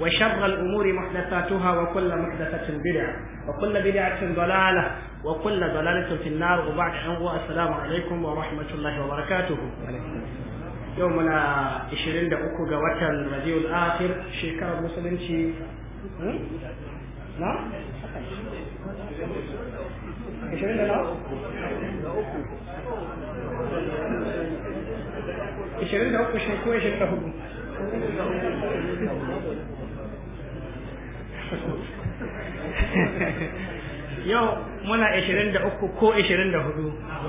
وشر الأمور محدثاتها وكل محدثة بدعة وكل بدعة ضلالة وكل ضلالة في النار وبعد أنه السلام عليكم ورحمة الله وبركاته يومنا إشرين دعوكو قوتا رضي الآخر شكرا مسلمين شي نعم إشرين دعوكو إشرين دعوكو شنكوه شنكوه yau muna 23 ko 24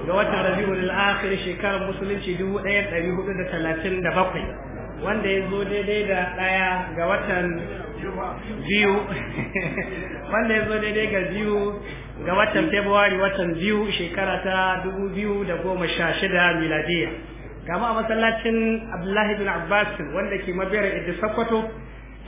ga watan rabi'ul akhir shekarar musulunci 1437 wanda ya zo daidai da daya ga watan biyu wanda ya zo daidai ga biyu ga watan february watan biyu shekara ta 2016 miladiya gama a masallacin abdullahi bin abbas wanda ke mabiyar idda sakwato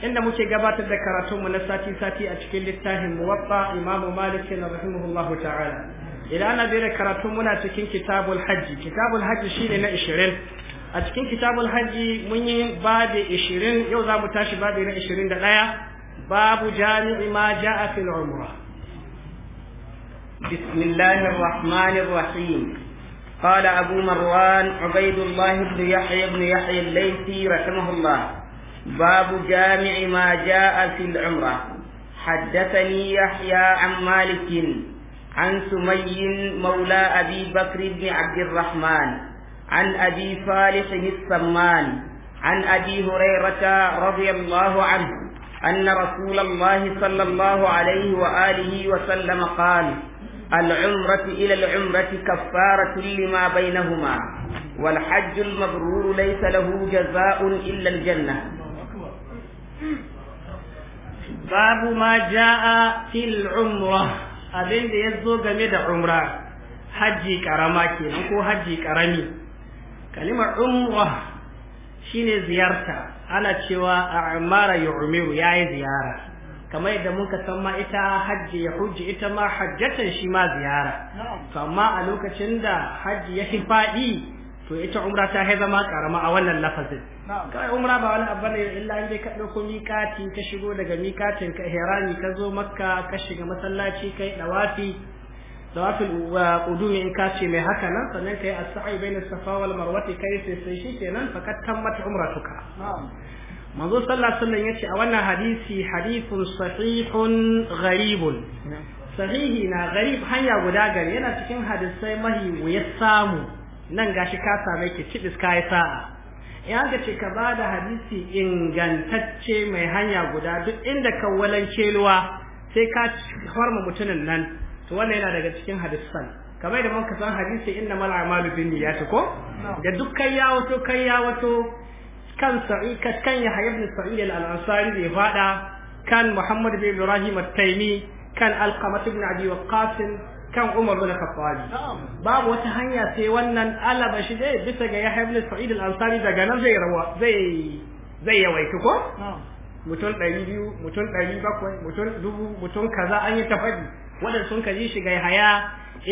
inda muke gabatar da karatunmu na sati-sati a cikin littafin muwatta imamu malik na rahimahullahu ta'ala idan ana bere karatu muna cikin kitabul hajji kitabul hajji shine na 20 a cikin kitabul hajji mun yi babi 20 yau za mu tashi babi na 21 babu jami'i ma ja'a fil umra bismillahir rahmanir rahim قال أبو مروان عبيد الله بن يحيى بن يحيى الليثي رحمه باب جامع ما جاء في العمرة حدثني يحيى عن مالك عن سمي مولى أبي بكر بن عبد الرحمن عن أبي صالح السمان عن أبي هريرة رضي الله عنه أن رسول الله صلى الله عليه وآله وسلم قال العمرة إلى العمرة كفارة لما بينهما والحج المبرور ليس له جزاء إلا الجنة babu ma ja'a fil umrah abin da ya zo game da umra hajji karama kenan ko hajji karami kalimar umrah shine ziyarta ana cewa a'mara yu'miru yayi ziyara kamar yadda muka san ma ita hajji ya hujji ita ma hajjatan shi ma ziyara amma a lokacin da hajji ya faɗi to ita umra ta hai zama karama a wannan lafazin kai umra ba wani abu ne illa in dai ka dauko miƙati ka shigo daga miƙatin ka ihrami ka zo makka ka shiga masallaci kai dawafi dawafil qudumi in ka ce mai haka nan sannan kai as-sa'i bainas safa wal marwa kai sai sai shikenan fakat umra umratuka manzo sallallahu alaihi wasallam yace a wannan hadisi hadithun sahihun gharibun sahihi na gharib hanya guda gari yana cikin hadisai mahi ya samu nan gashi ka same ki cibis ka yi sa'a in ga ce ka ba da hadisi ingantacce mai hanya guda duk inda ka walance ruwa sai ka farma mutumin nan to wannan yana daga cikin hadisan kamar da muka san hadisi inna mal a'malu bin niyyati ko da duk kai ya wato kai ya wato kan sa'i kan ya ibn sa'id al-ansari da fada kan muhammad bin ibrahim at-taymi kan alqamah ibn abi waqqas kan Umar bin Khattabi babu wata hanya sai wannan alaba shi dai bisa ga Yahya ibn Sa'id al-Ansari daga nan zai rawa zai zai yawaita ko mutum ɗari biyu mutum ɗari bakwai mutum dubu mutum kaza an yi tafadi waɗanda sun kaji shi ga Yahya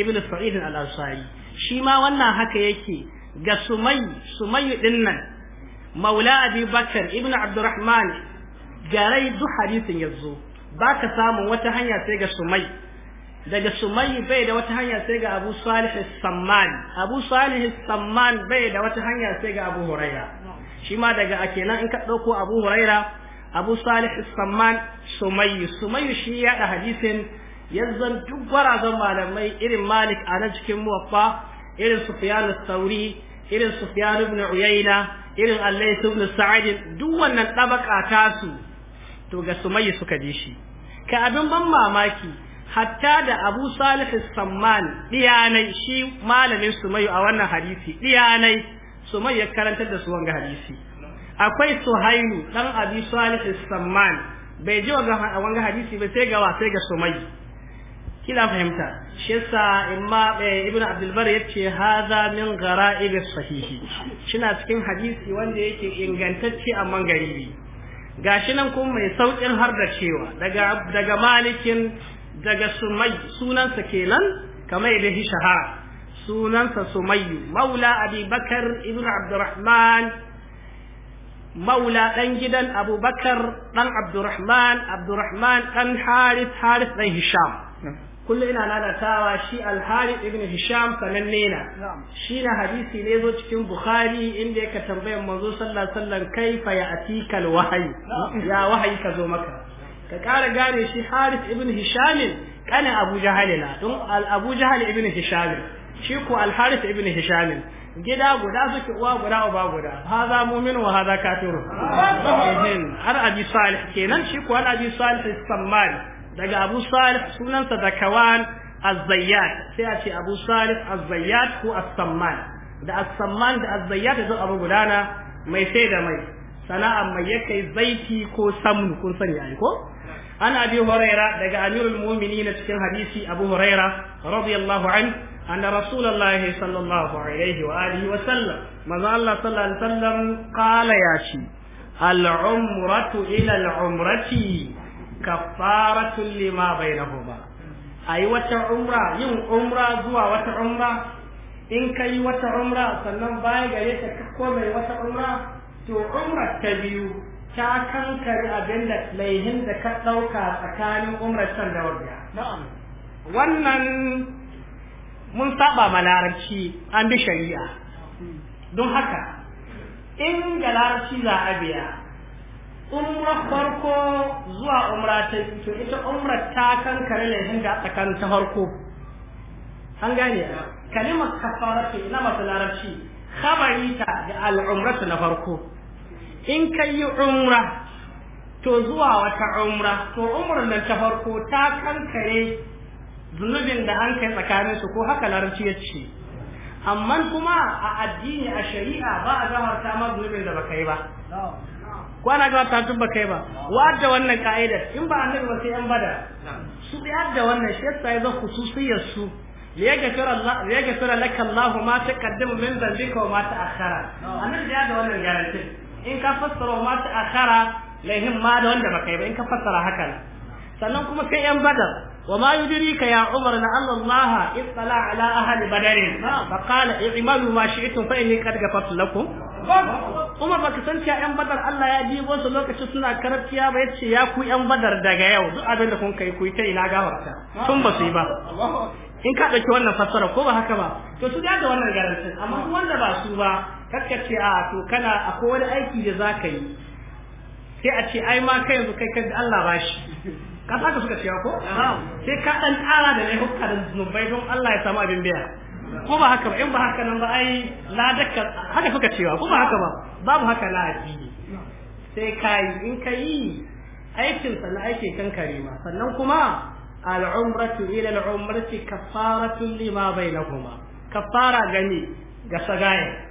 ibn Sa'id al-Ansari shi ma wannan haka yake ga Sumay Sumay din nan Maula Abi Bakar ibn Abdurrahman garai duk hadisin yazo ka samu wata hanya sai ga Sumay daga sumayyi bai da wata hanya sai ga abu salih samman abu salih samman bai da wata hanya sai ga abu huraira shi ma daga kenan in ka ɗauko abu huraira abu salih samman sumayyi sumayyi shi ya da hadisin yanzan duk gwarazan malamai irin malik a nan cikin muwaffa irin sufyan sauri irin sufyan ibn uyayna irin allais ibn sa'id duk wannan tabaka tasu to ga sumayyi suka ji shi ka abin ban mamaki hatta da abu salih samman diyanai shi malamin sumayu a wannan hadisi diyanai sumayu ya karantar da su wanga hadisi akwai suhailu dan abi salih samman bai ji wanga hadisi ba sai ga wa sai ga sumayu kila fahimta shi yasa imma eh, ibnu abdul bar yace hadha min gara'ib sahihi shina cikin hadisi wanda yake ingantacce amma garibi gashi nan kuma mai saukin har da cewa daga daga malikin daga sumay sunansa kenan kamar da Hishaha sunansa sumayyu maula abi bakar ibn abdurrahman maula dan gidan abubakar dan abdurrahman abdurrahman dan harith harith dan hisham kullu ina nadatawa shi al ibn hisham sananne na shi na hadisi ne zo cikin bukhari inda yake tambayar manzo sallallahu alaihi wasallam kaifa ya atikal wahayi ya wahayi ka zo maka ka ƙara gane shi Harith ibn Hishamin, kanin Abu Jahal na don Abu Jahal ibn Hishamin. shi ko Al Harith ibn Hisham gida guda suke uwa guda uba guda haza mu'min wa haza kafirun ehin har Abi Salih kenan shi ko Abi Salih Samman daga Abu Salih sunansa da kawan zayyat sai a ce Abu Salih az ko As-Samman da As-Samman da Az-Zayyat da abu gudana mai sai da mai Sana'a mai yake zaiti ko samnu kun sani ai ko Ana abi huraira daga amirul na cikin hadisi abu huraira radiyallahu an anna rasulullahi sallallahu alaihi wa alihi wa sallam maza Allah sallallahu alaihi wasallam qala ya shi al umratu ila al umrati kafaratu lima bainahuma ayi wata umra yin umra zuwa wata umra in ka yi wata umra sannan baya gare ta komai wata umra to umra ta biyu ta kankare abin da laihin da ka ɗauka tsakanin can da wajen. wannan mun saba ma larabci an bi shari'a don haka in ga larabci za a biya umra farko zuwa umra ta to ita umra ta kankare laihin da tsakanin ta farko an gane kalimar kafara ce ina masu larabci khabari ta da al'umratu na farko in ka yi umra to zuwa wata umra to umrar nan ta farko ta kankare zunubin da an kai tsakanin su ko haka larabci ya ce amma kuma a addini a shari'a ba a gafarta ma zunubin da baka yi ba ko ana gafarta tun baka yi ba wadda wannan ka'idar in ba annabi ba sai an bada su da da wannan shi yasa ya zan khususiyar su liyaghfira laka Allah ma taqaddama min dhanbika wa ma ta'akhkhara annabi ya da wannan garantin in ka fassara ma ta akhara lahim ma da wanda baka yi ba in ka fassara haka sannan kuma sai yan badar wa ma yudrika ya umar na Allah ittala ala ahli badar fa qala i'malu ma shi'tum fa inni qad ghafartu lakum ba ka san cewa yan badar Allah ya jibo su lokacin suna karatiya ba yace ya ku yan badar daga yau duk abin da kun kai ku ta ina gafarta tun ba su yi ba in ka dauki wannan fassara ko ba haka ba to su da wannan garantin amma wanda ba su ba kakka ce a to kana akwai wani aiki da za ka yi sai a ce ai ma ka yanzu kai kai Allah ba shi ka saka suka cewa ko sai ka dan tsara da laifuka da zunubai don Allah ya samu abin biya ko ba haka ba in ba haka nan ba ai ladakka haka suka cewa ko ba haka ba babu haka na addini sai kai in ka yi aikin na aikin kan Karima sannan kuma al'umratu ila al'umrati kafaratun lima bainahuma kafara gani ga sagaye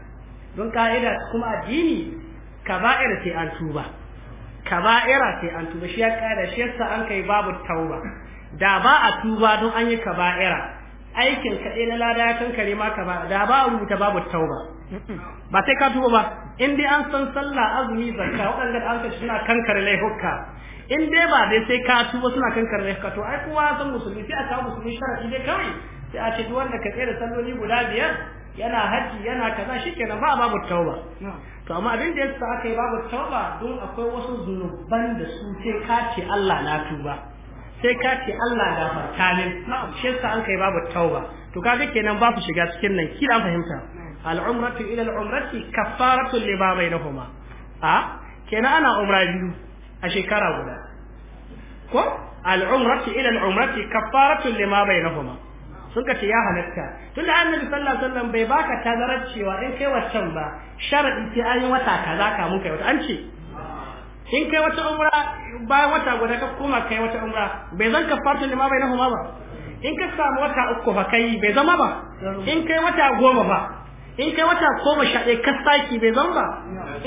don ka'ida kuma addini kaba'ira sai an tuba kaba'ira sai an tuba shi ya ka'ida shi yasa an kai babu tauba da ba a tuba don an yi kaba'ira aikin kaɗai na lada ya kankare ma ka da ba a rubuta babu tauba ba sai ka tuba ba in dai an san sallah azumi zakka waɗanda an ka suna kankare laifuka in dai ba dai sai ka tuba suna kankare laifuka to ai kowa san musulmi sai a kawo musulmi sharadi dai kawai sai a ce duk wanda ka tsere salloli guda biyar yana haji yana kaza shikenan ba babu tauba to amma abin da yasa aka yi babu tauba don akwai wasu zunuban da su sai ka ce Allah na tuba sai ka ce Allah da farkalin shi yasa an kai babu tauba to kaga kenan babu shiga cikin nan ki kila fahimta al-umratu ila al-umrati kaffaratu lima bainahuma a kenan ana umra biyu a shekara guda ko al-umratu ila al-umrati kaffaratu lima bainahuma sun ka ce ya halatta tunda annabi sallallahu alaihi wasallam bai baka tazarar cewa in kai waccan ba sharadi ce an yi wata kaza ka mun kai wata an ce in kai wata umra bayan wata guda ka koma kai wata umra bai zan kafarta ma bai na huma ba in ka samu wata uku ba kai bai zama ba in kai wata goma ba in kai wata goma sha ɗaya ka saki bai zama ba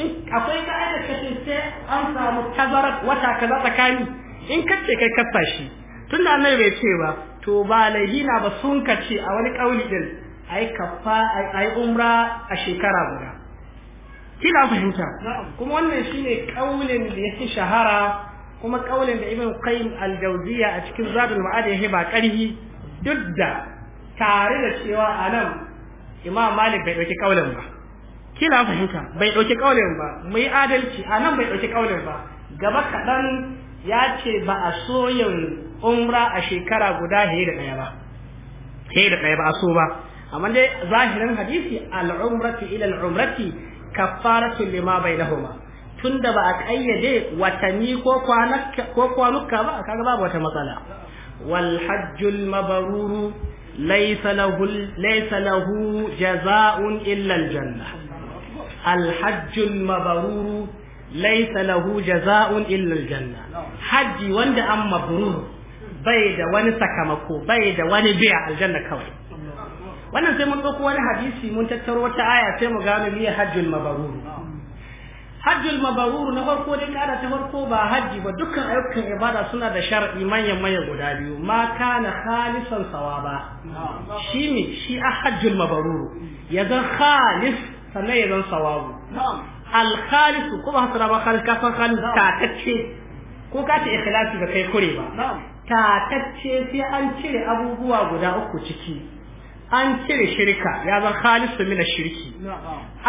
in akwai ka'ida kashin sai an samu tazarar wata kaza tsakani in ka ce kai kafa shi tunda annabi bai ce ba to ba laihi na ba sun kace a wani kauli din ai kafa ai umra a shekara guda kina fahimta kuma wannan shine kaulin da yake shahara kuma kaulin da Ibn Qayyim al-Jawziyya a cikin Zadul Ma'ad ya ba karhi duk da tare da cewa anan Imam Malik bai dauki kaulin ba kina fahimta bai dauki kaulin ba mai adalci anan bai dauki kaulin ba gaba kadan ya ce ba a soyin umra a shekara guda he ɗaya ba he ɗaya ba so ba amma dai zahirin hadisi al'umrati ila al'umrati kafaratu lima bainahuma tunda ba a kayyade watanni ko kwanaka ko kwanuka ba kaga babu wata matsala wal hajjul mabruru laysa lahu laysa lahu jazaa'un illa al janna al hajjul mabruru laysa lahu illa al janna haji wanda an mabrur bai da wani sakamako bai da wani biya aljanna kawai wannan sai mun ɗauko wani hadisi mun tattaro wata aya sai mu gano niyyar hajjul mabarur hajjul mabarur na farko dai kara ta farko ba hajji ba dukkan ayyukan ibada suna da shar'i manyan manyan guda biyu ma kana khalisan sawaba shi ne shi a hajjul mabarur ya zan khalis sannan ya zan sawabu al khalisu ko ba hasara ba khalis ka san khalis ta tacce ko ka ce ikhlasi ba kai kure ba tatacce sai an cire abubuwa guda uku ciki an cire shirka ya zan khalisu mina shirki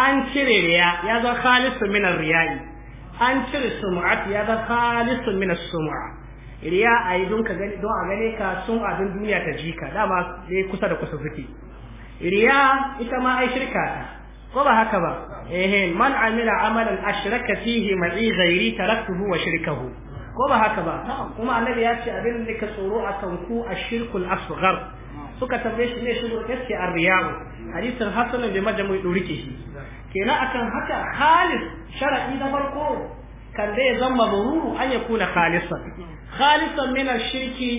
an cire riya ya zan khalisu mina riya'i an cire sumu'at ya zan khalisu mina sumu'a riya a yi don a gane ka sun abin duniya ta jika dama dai kusa da kusa suke riya ita ma ai shirka ta ko ba haka ba eh man amila amalan ashraka fihi ma'i ghairi taraktuhu wa shirkahu ko ba haka ba kuma annabi ya ce abin da ka tsoro a ku a shirkul asghar suka tambaye shi ne shirkul yace arriya'u hadisin hasanan bi majmu'i durike shi kenan akan haka khalis shar'i na farko kan dai zan mabruru an yakuna khalisan khalisan min ash-shirki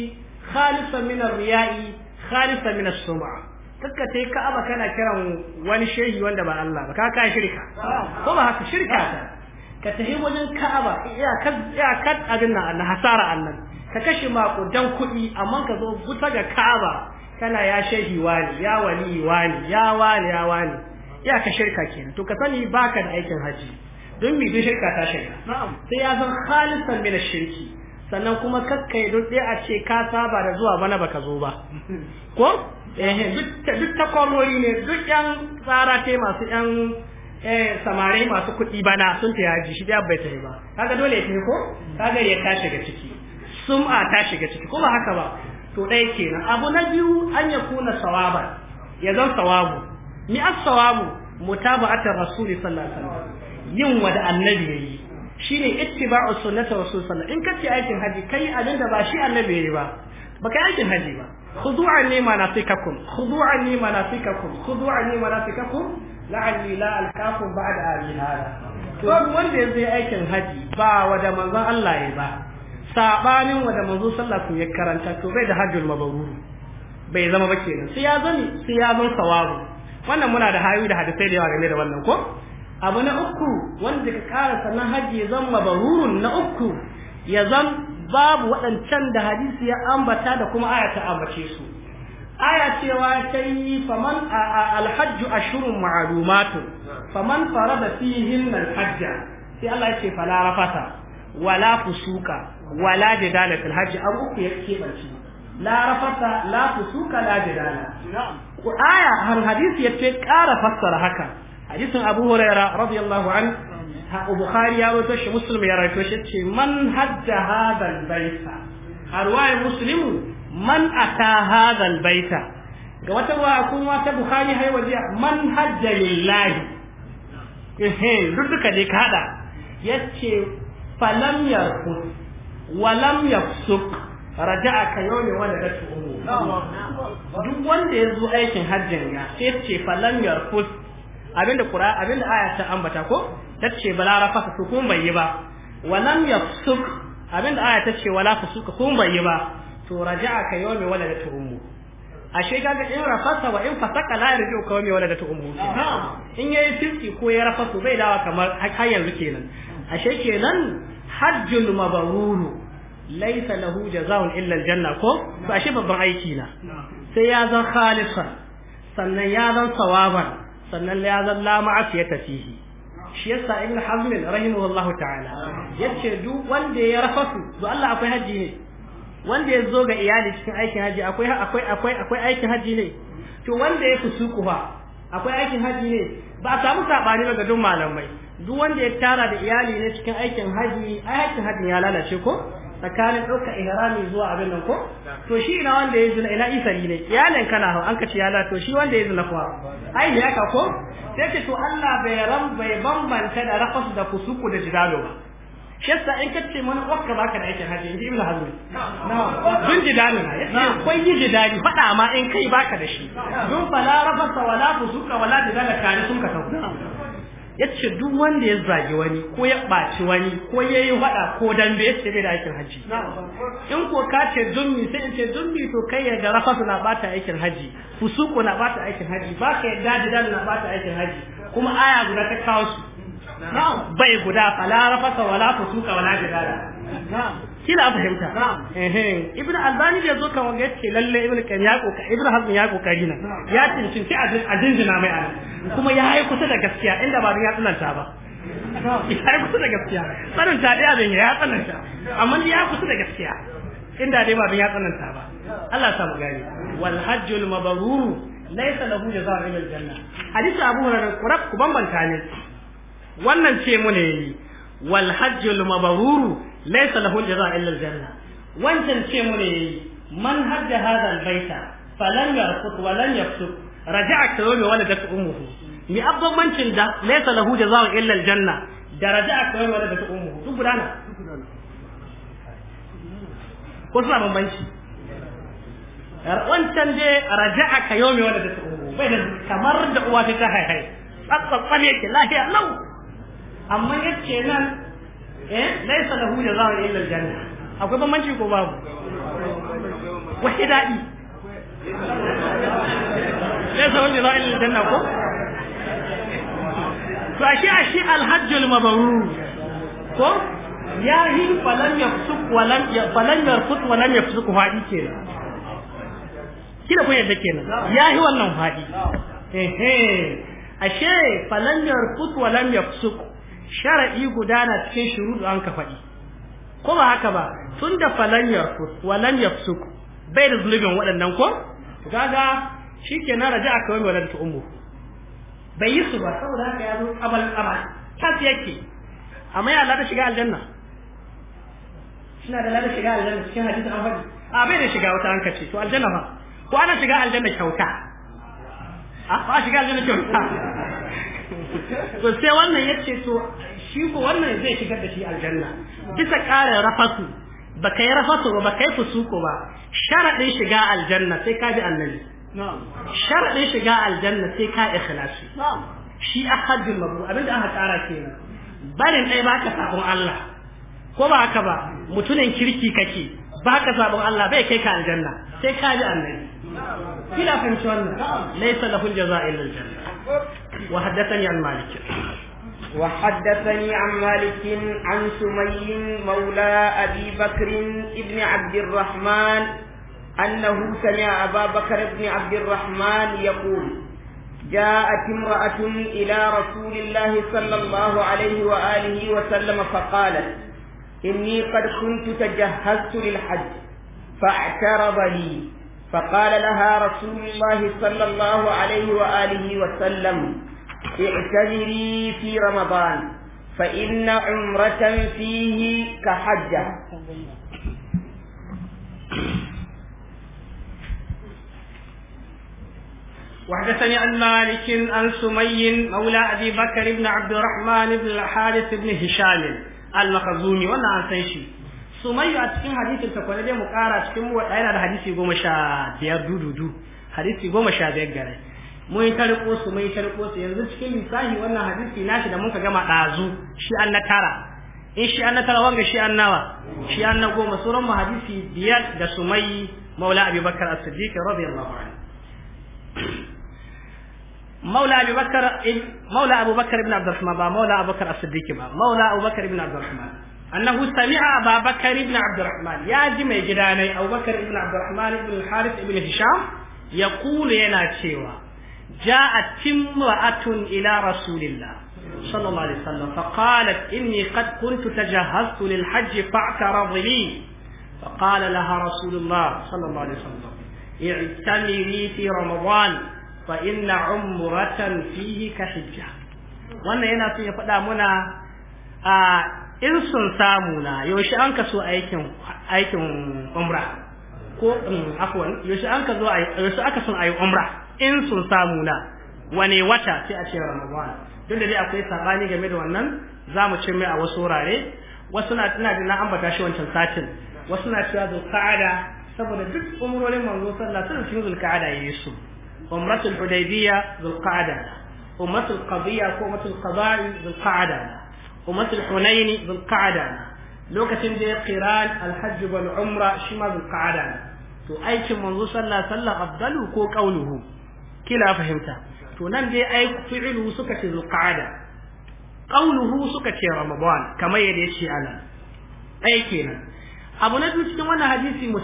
khalisan min ar-riya'i khalisan min as-sum'a kakka tai ka'aba kana kiran wani shehi wanda ba Allah ba ka shirka ko ba haka shirka ta ka tafi wajen ka'aba iyakar abin nan na hasara annan ka kashe makudan kuɗi amma ka zo buta ga ka'aba kana ya shehi wani ya wali wani ya wani ya wani ya ka shirka kenan to ka sani baka da aikin haji don mi shirka ta shirka sai ya san khalisan min shirki sannan kuma kakkai don a ce ka saba da zuwa bana baka zo ba ko eh duk ta komori ne duk yan tsara te masu yan eh samare masu kuɗi bana sun ta yaji shi da bai tafi ba kaga dole ya tafi ko kaga ya ta shiga ciki sum'a ta shiga ciki ko ba haka ba to dai kenan abu na biyu an ya kuna sawaba ya zan sawabu ni as sawabu mutaba'atar rasuli sallallahu alaihi wasallam yin wa da annabi yayi shine ittiba'u sunnati rasul sallallahu in kace aikin haji kai abin da ba shi annabi yayi ba baka aikin haji ba khudu'an ni manasikakum khudu'an ni manasikakum khudu'an ni manasikakum la'alli la alkafu ba'da abi hada to wanda yanzu ya aikin haji ba wa da manzon Allah ya ba sabanin wa da manzon sallallahu ya karanta to bai da hajjul mabrur bai zama ba kenan sai ya zani sai ya zan sawabu wannan muna da hayu da hadisai da yawa game da wannan ko abu na uku wanda ka kara sanan haji ya zama barurun na uku ya zan babu waɗancan da hadisi ya ambata da kuma aya ta ambace su aya cewa ta yi faman alhajju ashurun ma'alumatu faman fara da fihin alhajja sai Allah ya ce fala rafata wala fusuka wala jidala fil hajji an uku ya kebanci la rafata la fusuka la jidala aya har hadisi ya ce ƙara fassara haka hadisin Abu Hurairah radiyallahu an Bukhari ya rawaito shi Muslim ya rawaito shi ce man hajja hadal baita arwaye muslimu man ata hadal baita ga wata ruwa kuma ta bukhari hai waje man hajja lillahi ehe duk da ne ka hada yace falam yarkus walam yafsuk raja'a ka yawmi waladatu ummu duk wanda ya zo aikin hajjin ya sai ce falam yarkus abinda qur'a abinda aya ta ambata ko tace balara fasa su kuma bai yi ba walam yafsuk abinda aya tace wala fusuka kuma bai yi ba to raja'a ka yawmi waladatu ummu ashe kaga in rafasa wa in fasaka la yarji ka yawmi waladatu ummu in yayi tilki ko ya rafasu bai dawa kamar har yanzu kenan ashe kenan hajjul mabruru laysa lahu jazaa'un illa aljanna ko to ashe babban aiki na sai ya zan khalisan sannan ya zan sawaban sannan ya zan la ma'asiyata fihi shi yasa ibn hazm rahimahullahu ta'ala yace duk wanda ya rafasu to Allah akwai Hajji ne wanda ya zo ga iyali cikin aikin haji akwai akwai akwai akwai aikin haji ne to wanda ya kusuku fa akwai aikin haji ne ba a samu sabani daga duk malamai duk wanda ya tara da iyali ne cikin aikin haji ai aikin haji ya lalace ko tsakanin ɗauka ihrami zuwa abin nan ko to shi ina wanda ya zina ina isari ne iyalin kana hau an ka ci yala to shi wanda ya zina kuwa ai ne haka ko sai ce to Allah bai ran bai bambanta da rafas da kusuku da jidalo ba shi yasa in kace mana wakka baka da aikin haji inji ibnu hazmi dun jidali na yace akwai yi jidani fada ma in kai baka da shi dun fala rafasa wala fusuka wala jidala kare sun ka Ya yace duk wanda ya zage wani ko ya ɓaci wani ko ya yi faɗa ko dambe yace bai da aikin haji in ko ka ce dummi sai in ce dummi to kai yadda rafa na bata aikin haji fusuku na bata aikin haji baka yadda jidal na bata aikin haji kuma aya guda ta kawo su bai guda fala rafasa wala fusuka wala jidala kila fahimta eh ibnu albani da yazo kan wanga yace lalle ibnu kan ya koka ibnu hazm ya kokari nan ya tincinci a jinjina mai an kuma ya yi kusa da gaskiya inda ba ya tsananta ba ya yi kusa da gaskiya ta dai abin ya tsananta amma ya kusa da gaskiya inda dai ba ya tsananta ba Allah ya samu gani wal hajjul mabrur laysa lahu jazaa'u min al janna hadisi abu hurairah kurab ku bambanta ne wannan ce mu ne yi wal hajjul mabruru laysa lahu jaza illa al janna wancan ce mu ne yi man hajja hadha al baita falan yarfut wa lan yafsuk raja'a ka yawmi waladat ummuhu mi abbancin da laysa lahu jaza illa al janna da raja'a ka yawmi waladat ummuhu duk gudana ko suna bambanci wancan dai raja'a ka yawmi waladat ummuhu bai da kamar da uwa ta haihai tsatsatsame ke lahiya lau amma yace nan eh laysa lahu jazaa'un illa aljanna akwai bambanci ko babu wace dadi laysa lahu jazaa'un illa aljanna ko to ashe ashe alhajjul mabrur ko ya yi falan ya fusuk walan ya falan ya fusuk walan ya fusuk fadi kenan kina kun yadda kenan ya yi wannan fadi ehe ashe falan ya fusuk walan ya sharadi guda na cikin shuruɗu an ka faɗi ko ba haka ba tun da falan ku walan yafsuk bai da zulubin waɗannan ko gaga raja a kawai walan ta umu. bai yi su ba saboda haka ya zo abal abal tas yake amma ya al'ada shiga aljanna suna da lada shiga aljanna cikin hadisi an faɗi a bai da shiga wata an kace to aljanna fa ko ana shiga aljanna kyauta a ba shiga aljanna kyauta to sai wannan ya ce to shi ko wannan zai shigar da shi aljanna bisa ƙarin rafasu ba ka kai rafasu ba kai fusuko ba sharadin shiga aljanna sai ka bi annabi sharadin shiga aljanna sai ka ikhlasi shi ahadin mabu abinda aka tsara kenan barin dai baka sabon Allah ko ba haka ba mutunin kirki kake baka sabon Allah bai kai ka aljanna sai ka bi annabi kila fahimci wannan laysa lahul jazaa'il lil janna وحدثني عن مالك وحدثني عن مالك عن سمي مولى أبي بكر ابن عبد الرحمن أنه سمع أبا بكر بن عبد الرحمن يقول جاءت امرأة إلى رسول الله صلى الله عليه وآله وسلم فقالت إني قد كنت تجهزت للحج فاعترض لي فقال لها رسول الله صلى الله عليه وآله وسلم اعتمري في رمضان فإن عمرة فيه كحجة وحدثني عن مالك عن سمي مولى أبي بكر بن عبد الرحمن بن الحارث بن هشام المخزومي وانا عن سيشي سمي أتكين حديث التقوى لدي مقارا أتكين مو أين هذا حديثي قوم شاد يا دودو دو حديثي قوم شاد يا mun tarko su mun tarko su yanzu cikin lissahi wannan hadisi nashi da muka gama ɗazu. shi an na tara in shi an na tara wanga shi an nawa shi an na goma sauran mu hadisi biyar da sumayi maula abubakar as-siddiq radiyallahu anhu maula abubakar maula abubakar ibn abdurrahman ba maula abubakar as-siddiq ba maula abubakar ibn abdurrahman annahu sami'a abubakar ibn abdurrahman ya ji mai gidanai abubakar ibn abdurrahman ibn al-harith ibn hisham yaqulu yana cewa جاءت امرأة إلى رسول الله صلى الله عليه وسلم فقالت إني قد كنت تجهزت للحج فاعترض لي فقال لها رسول الله صلى الله عليه وسلم اعتمري في رمضان فإن عمرة فيه كحجة wannan yana son ya faɗa muna a in sun samu na yaushe an ka so aikin aikin umra ko afwan yaushe an ka zo yaushe aka son ayi umra in sun samu na wani wata sai a ce ramadan duk da dai akwai sabani game da wannan za mu ce mai a wasu wurare wasu na tana da na ambata shi wancan satin wasu na cewa zulqa'ada saboda duk umrorin manzo sallallahu alaihi wasallam cikin zulqa'ada yayi su umratul hudaybiyya zulqa'ada umratul qadiyya ko umratul qada'i zulqa'ada umratul hunayn zulqa'ada lokacin da ya qiran alhajj wal umra shi ma zulqa'ada to aikin manzo sallah alaihi wasallam afdalu ko qauluhu kila fahimta to nan dai ai fi'lu suka ce zulqa'ada qawluhu suka ce ramadan kamar yadda yace anan ai kenan abu na biyu cikin wannan hadisi mu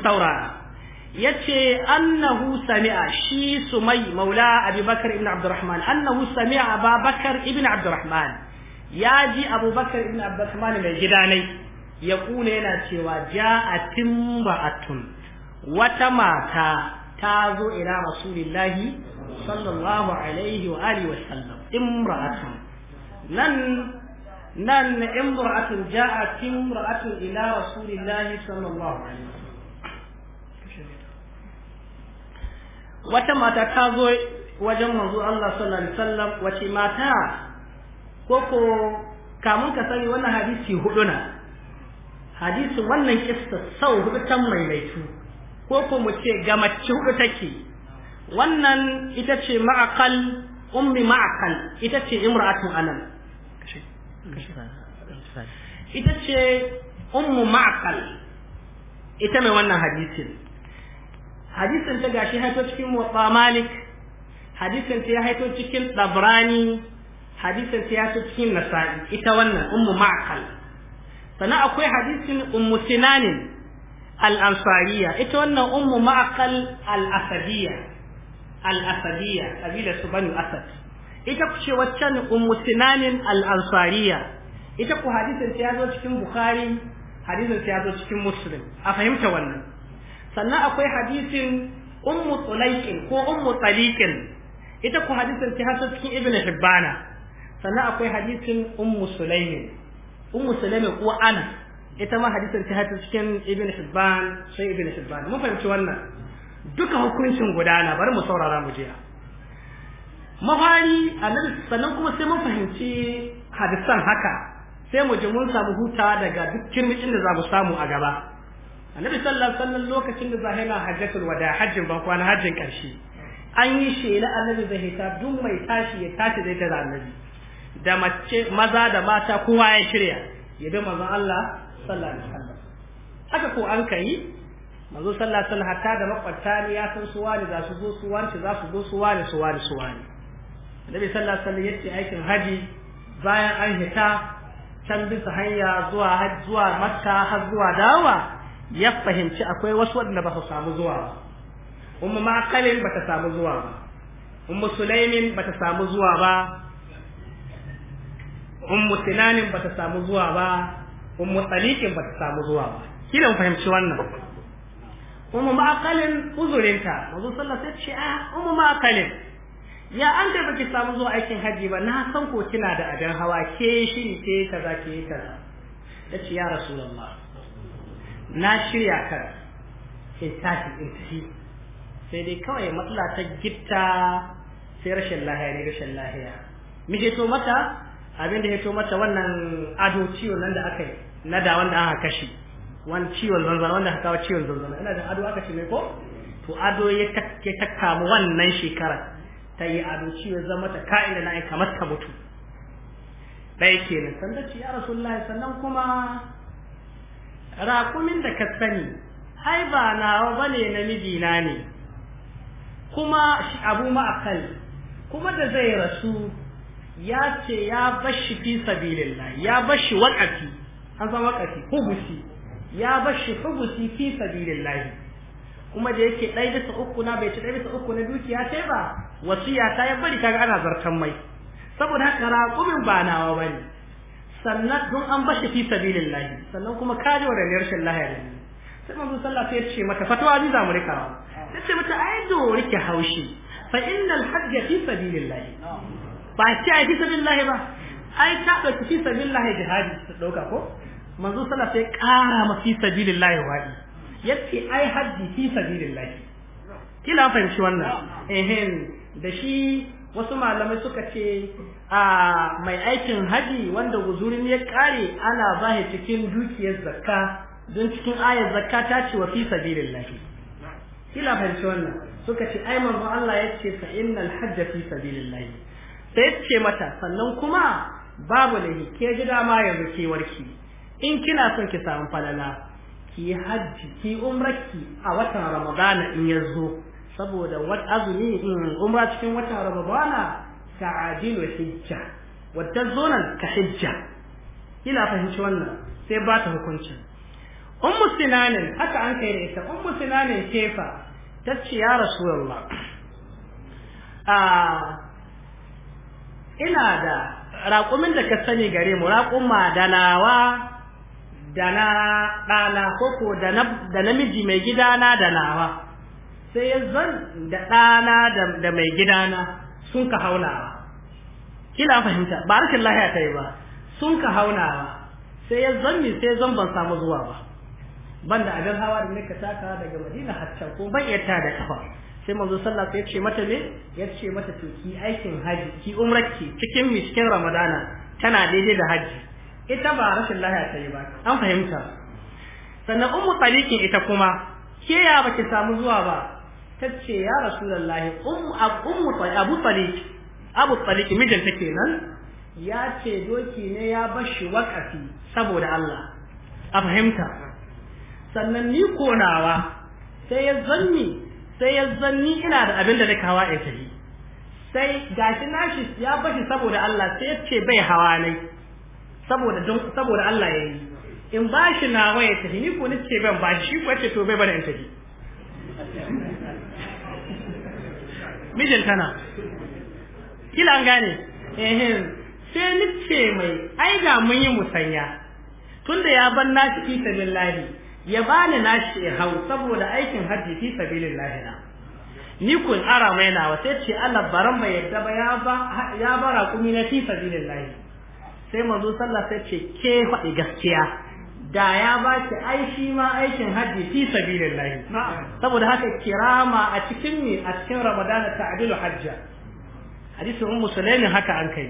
yace annahu sami'a shi sumai maula abubakar ibn abdurrahman annahu sami'a abubakar ibn abdurrahman ya ji abubakar ibn abdurrahman mai gida gidanai ya kuna yana cewa ja'atin ba'atun wata mata ta zo ila rasulillahi sallallahu alaihi wa alihi wa sallam imra'atun nan nan imra'atun ja'at imra'atun ila rasulillahi sallallahu alaihi wa sallam wata mata ta zo wajen manzo Allah sallallahu alaihi wasallam sallam wace mata koko kamun ka sani wannan hadisi hudu na hadisin wannan kissa sau hudu tan mai laifu ko kuma mu ce ga mace hudu take wannan ita ce ma'akal ummi ma'akal ita ce imra'atun anan ita ce ummu ma'akal ita mai wannan hadisin hadisin ta gashi haito cikin motsa malik hadisin ta ya haito cikin dabrani, hadisin ta ya haito cikin nasa'i ita wannan ummu ma'akal sannan akwai hadisin ummu sinanin Al'ansariya ita wannan ummu ma'akal al-asadiyya al su banu asad ita ku ce waccan ummu sinanin al ita ku hadisin ta yazo cikin bukhari hadisin ta yazo cikin muslim a fahimta wannan sannan akwai hadisin ummu tulaikin ko ummu talikin ita ku hadisin ta yazo cikin ibn hibbana sannan akwai hadisin ummu sulaimin ummu sulaimin ko anas ita ma hadisin ta hatu cikin ibn hibban sai ibn hibban mun fahimci wannan duka hukuncin gudana bari mu saurara mu jiya mafari annabi sannan kuma sai mun fahimci hadisan haka sai mu ji mun samu huta daga duk kirmicin da za mu samu a gaba annabi sallallahu alaihi wasallam lokacin da na hajjatul wada hajjin ban kwana hajjin karshe an yi shela annabi zai hita duk mai tashi ya tashi zai ta annabi da mace maza da mata kowa ya shirya ya bi manzon Allah sallah alaihi sallah haka ko an kai manzo sallah sallah hatta da makwabta ne ya san su wani za su zo su ne za su zo su wani su wani su wani annabi sallah sallah yace aikin haji bayan an hita can bisa hanya zuwa hajji zuwa makka har zuwa dawa ya fahimci akwai wasu wadanda ba su samu zuwa ba umma maqalin ba ta samu zuwa ba umma sulaimin ba ta samu zuwa ba umma tinanin ba ta samu zuwa ba ummu tsalikin ba ta samu zuwa ba kina fahimci wannan umu ma'akalin uzurinta mazu sallah sai ce a ah, umu ma'akalin ya an da baki samu zuwa aikin Hajji ba na san ko kina da adan hawa ke shi ne ke kaza ke kaza ta ce ya rasulullah na shirya ka in tafi in tafi sai dai kawai matsala ta gitta sai rashin lahiya ne rashin lahiya mije to mata abinda da ya to mata wannan ado ciwo nan da aka yi na da wanda aka kashe wani ciwon zanzana wanda aka kawo ciwon zanzana ina da ado aka ce mai ko to ado ya takkamu wannan shekarar ta yi ado ciwon zama ta ka'ida na aika ta mutu ɗaya kenan sanda ci ya rasulullahi sannan kuma rakumin da ka sani ai ba nawa ba ne namiji na ne kuma shi abu ma'akal kuma da zai rasu ya ce ya bashi fi sabilillah ya bashi wakati. an san wakafi hubusi ya bashi hubusi fi sabilillahi kuma da yake ɗaya bisa uku na bai ci ɗaya bisa uku na dukiya sai ba wasiya ta ya bari kaga ana zartan mai saboda haka raƙumin ba nawa bane sannan don an bashi fi sabilillahi sannan kuma kaje wa da rashin lahiyar sai manzo sallah sai ya ce mata fatawa ni za mu rika sai ce mata ai do rike haushi fa innal hajj fi sabilillah ba ce ai fi sabilillah ba ai ta dauki fi sabilillah jihadi su dauka ko manzo salaf sai ƙara ma fi sabilillahi wa'i yace ai haddi fi sabilillahi kila fahimci wannan ehem, da shi wasu malamai suka ce a mai aikin haji wanda guzurin ya kare ana bahe cikin dukiyar zakka don cikin ayar zakka ta ce wa fi sabilillahi kila fahimci wannan suka ce ai manzo Allah yace ce fa innal hajja fi sabilillahi sai ce mata sannan kuma babu lahi ke gida ma yanzu ke warki in kina son ki samu falala ki yi hajji ki umrarki a watan ramadana in ya zo saboda wat azumi in mm, umra cikin watan ramadana ta'adilu hijja wata zonan ka hijja kina fahimci wannan sai ba ta hukuncin ummu sinanin haka an kai da ita ummu sinanin kefa tace ya rasulullah a ina da raƙumin da ka sani gare mu raƙuma da nawa da na ɗana koko da namiji mai gidana da nawa sai zan da ɗana da mai gidana sun ka haunawa kila fahimta ba harkin lahiya ta yi ba sun ka haunawa sai ya zan mi sai zan ban samu zuwa ba ban da abin hawa da nika taka daga madina haccan ko ban iya da kafa sai manzo sallah sai ya ce mata ne ya ce mata to ki aikin haji ki umrarki cikin mi cikin ramadana tana daidai da haji ita ba rashin lahiya ta yi ba an fahimta sannan ummu talikin ita kuma ke ya baki samu zuwa ba ta ce ya rasulullahi ummu ummu abu talik abu talik mijin ta kenan ya ce doki ne ya bashi waƙafi saboda Allah a fahimta sannan ni konawa sai ya zanni sai ya zanni ina da abin da nake hawa ya tafi sai gashi nashi ya bashi saboda Allah sai ya ce bai hawa nai saboda don saboda Allah yi in bashi nawa ya tafi ni ko ni ce ban bashi shi ko ce to bai bane in tafi mijin kana kila an gane eh sai ni ce mai ai ga mun yi musanya tunda ya ban shi fi sabilillahi ya bani shi hau saboda aikin haji fi sabilillahi na ni kun ara mai nawa sai ce Allah baran bai yadda ba ya ba ya bara kumi na fi sabilillahi sai manzo sallah sai ce ke faɗi gaskiya da ya ba ki ai shi ma aikin haji fi sabilillahi saboda haka kirama a cikin ne a cikin ta adilu hajja hadisi ummu sulaimi haka an kai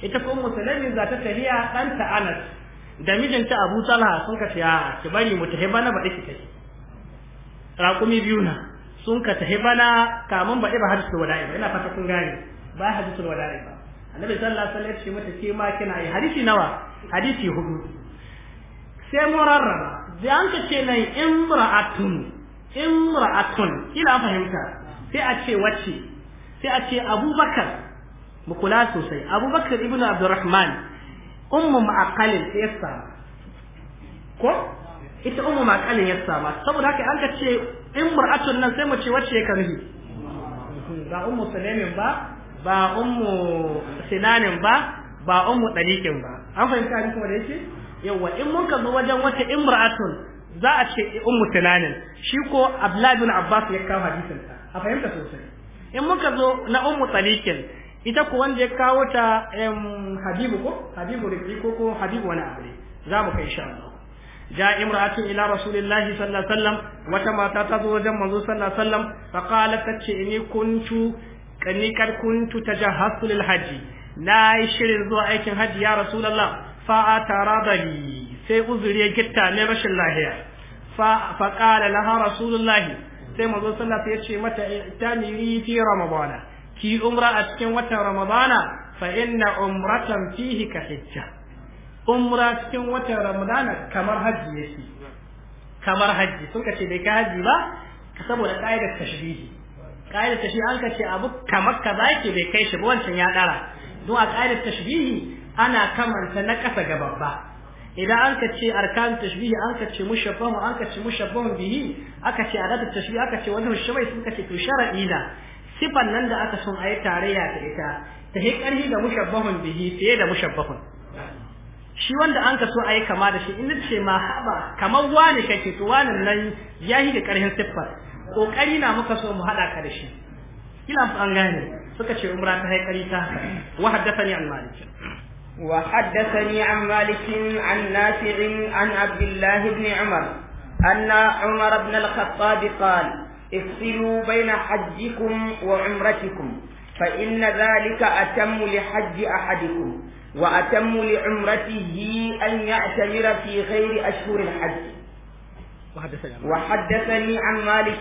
ita ko ummu sulaimi za ta tafiya dan ta anas da mijinta abu talha sun ka tafiya ki bari mu tafi bana baɗi ki tafi raƙumi biyu na sun ka tafi bana kamun baɗi ba hadisul wada'i ba ina fata kun gane ba hadisul wada'i ba annabi sallallahu alaihi wasallam ya ce mata ke ma kina yi hadisi nawa hadisi hudu sai murarra rarraba da an ka ce nan imra'atun imra'atun kila fahimta sai a ce wacce sai a ce abubakar mu kula sosai abubakar ibnu abdurrahman ummu ma'aqalin ya sama ko ita ummu ma'aqalin ya sama saboda haka an ka ce imra'atun nan sai mu ce wacce ya karhi ba ummu sulaimin ba ba ummu sinanin ba ba ummu dalikin ba an fahimta ni kuma da yake yawa in mun ka zo wajen wata imra'atun za a ce ummu sinanin shi ko abdullahi bin abbas ya kawo hadisin a fahimta sosai in mun ka zo na ummu dalikin ita ko wanda ya kawo ta habibu ko habibu rikki ko ko habibu wani abu ne za mu kai insha Allah جاء امرأة إلى رسول الله صلى الله عليه وسلم وتما تتزوج منذ صلى الله عليه وسلم فقالت إني كنت kanni kad kuntu tajahhasu lil haji na yi shirin zuwa aikin hajji ya rasulullah fa ataradani sai uzuri ya gitta ne rashin lahiya fa fa qala laha rasulullah sai manzo sallallahu ya ce mata tamiri fi ramadana ki umra a cikin watan ramadana fa inna umratan fihi ka hajja umra cikin watan ramadana kamar haji yake kamar hajji sun ka ce bai ka hajji ba saboda ƙa'idar tashbihi ƙa'idar ta shi an ka ce abu kamar ka za yake bai kai shi ba wancan ya ɗara don a ƙa'idar tashbihi ana kamanta na ƙasa ga babba idan an ka ce arkan tashbihi an ka ce mushabbahu an ka ce mushabbahu bihi aka ce adatu tashbihi aka ce wannan shabai sun ka ce to shar'i na sifan nan da aka son ayi tarayya da ita ta hi ƙarfi da mushabbahun bihi fiye da mushabbahun shi wanda an ka so ayi kama da shi in ce ma haba kamar wani kake to wani nan ya yahi da ƙarfin siffar kokari na muka so mu hada ka da shi kila an gane suka ce umra ta haikari ta wa haddathani an malik wa haddathani an malik an nafi' an abdullah ibn umar anna umar ibn al-khattab qala افصلوا بين حجكم وعمرتكم فإن ذلك أتم لحج أحدكم وأتم لعمرته أن يعتمر في غير أشهر الحج وحدثني عن مالك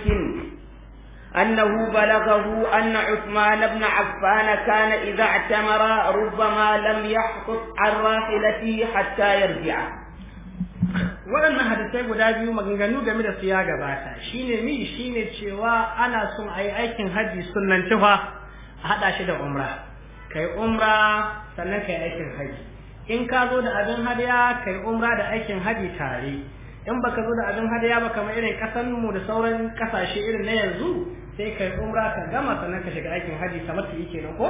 أنه بلغه أن عثمان بن عفان كان إذا اعتمر ربما لم يحقط عن راحلته حتى يرجع waɗannan hadisai guda biyu maganganu game da su ya gabata shine mi shine cewa ana son a yi aikin hajji sunan tufa a haɗa shi da umra kai umra sannan kai aikin hajji in ka zo da abin hadiya kai umra da aikin hajji tare in baka zo da abin hadaya ba kamar irin kasan mu da sauran kasashe irin na yanzu sai ka umra ka gama sannan ka shiga aikin haji kamar ta yake ko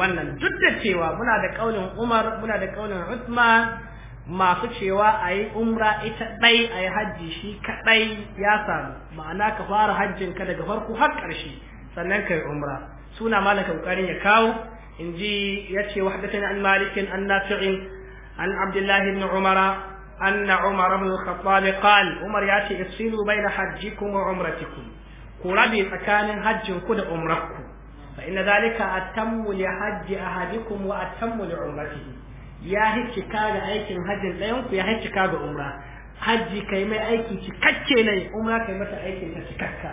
wannan duk da cewa muna da kaulin Umar muna da kaulin Uthman masu cewa a yi umra ita ɗai a yi hajji shi kaɗai ya samu ma'ana ka fara hajjin ka daga farko har ƙarshe sannan ka yi umra suna malaka ƙoƙarin ya kawo in ji ya ce wa haddatan an malikin an nafi'in an abdullahi ibn umara أن عمر بن الخطاب قال عمر ياتي افصلوا بين حجكم وعمرتكم كربي فكان حج كد عمركم فإن ذلك أتم لحج أحدكم وأتم لعمرته ya yi ga aikin hajjin ɗayanku ya yi cika ga umra hajji kai mai aiki cikakke ne umra kai mata aikin ta cikakka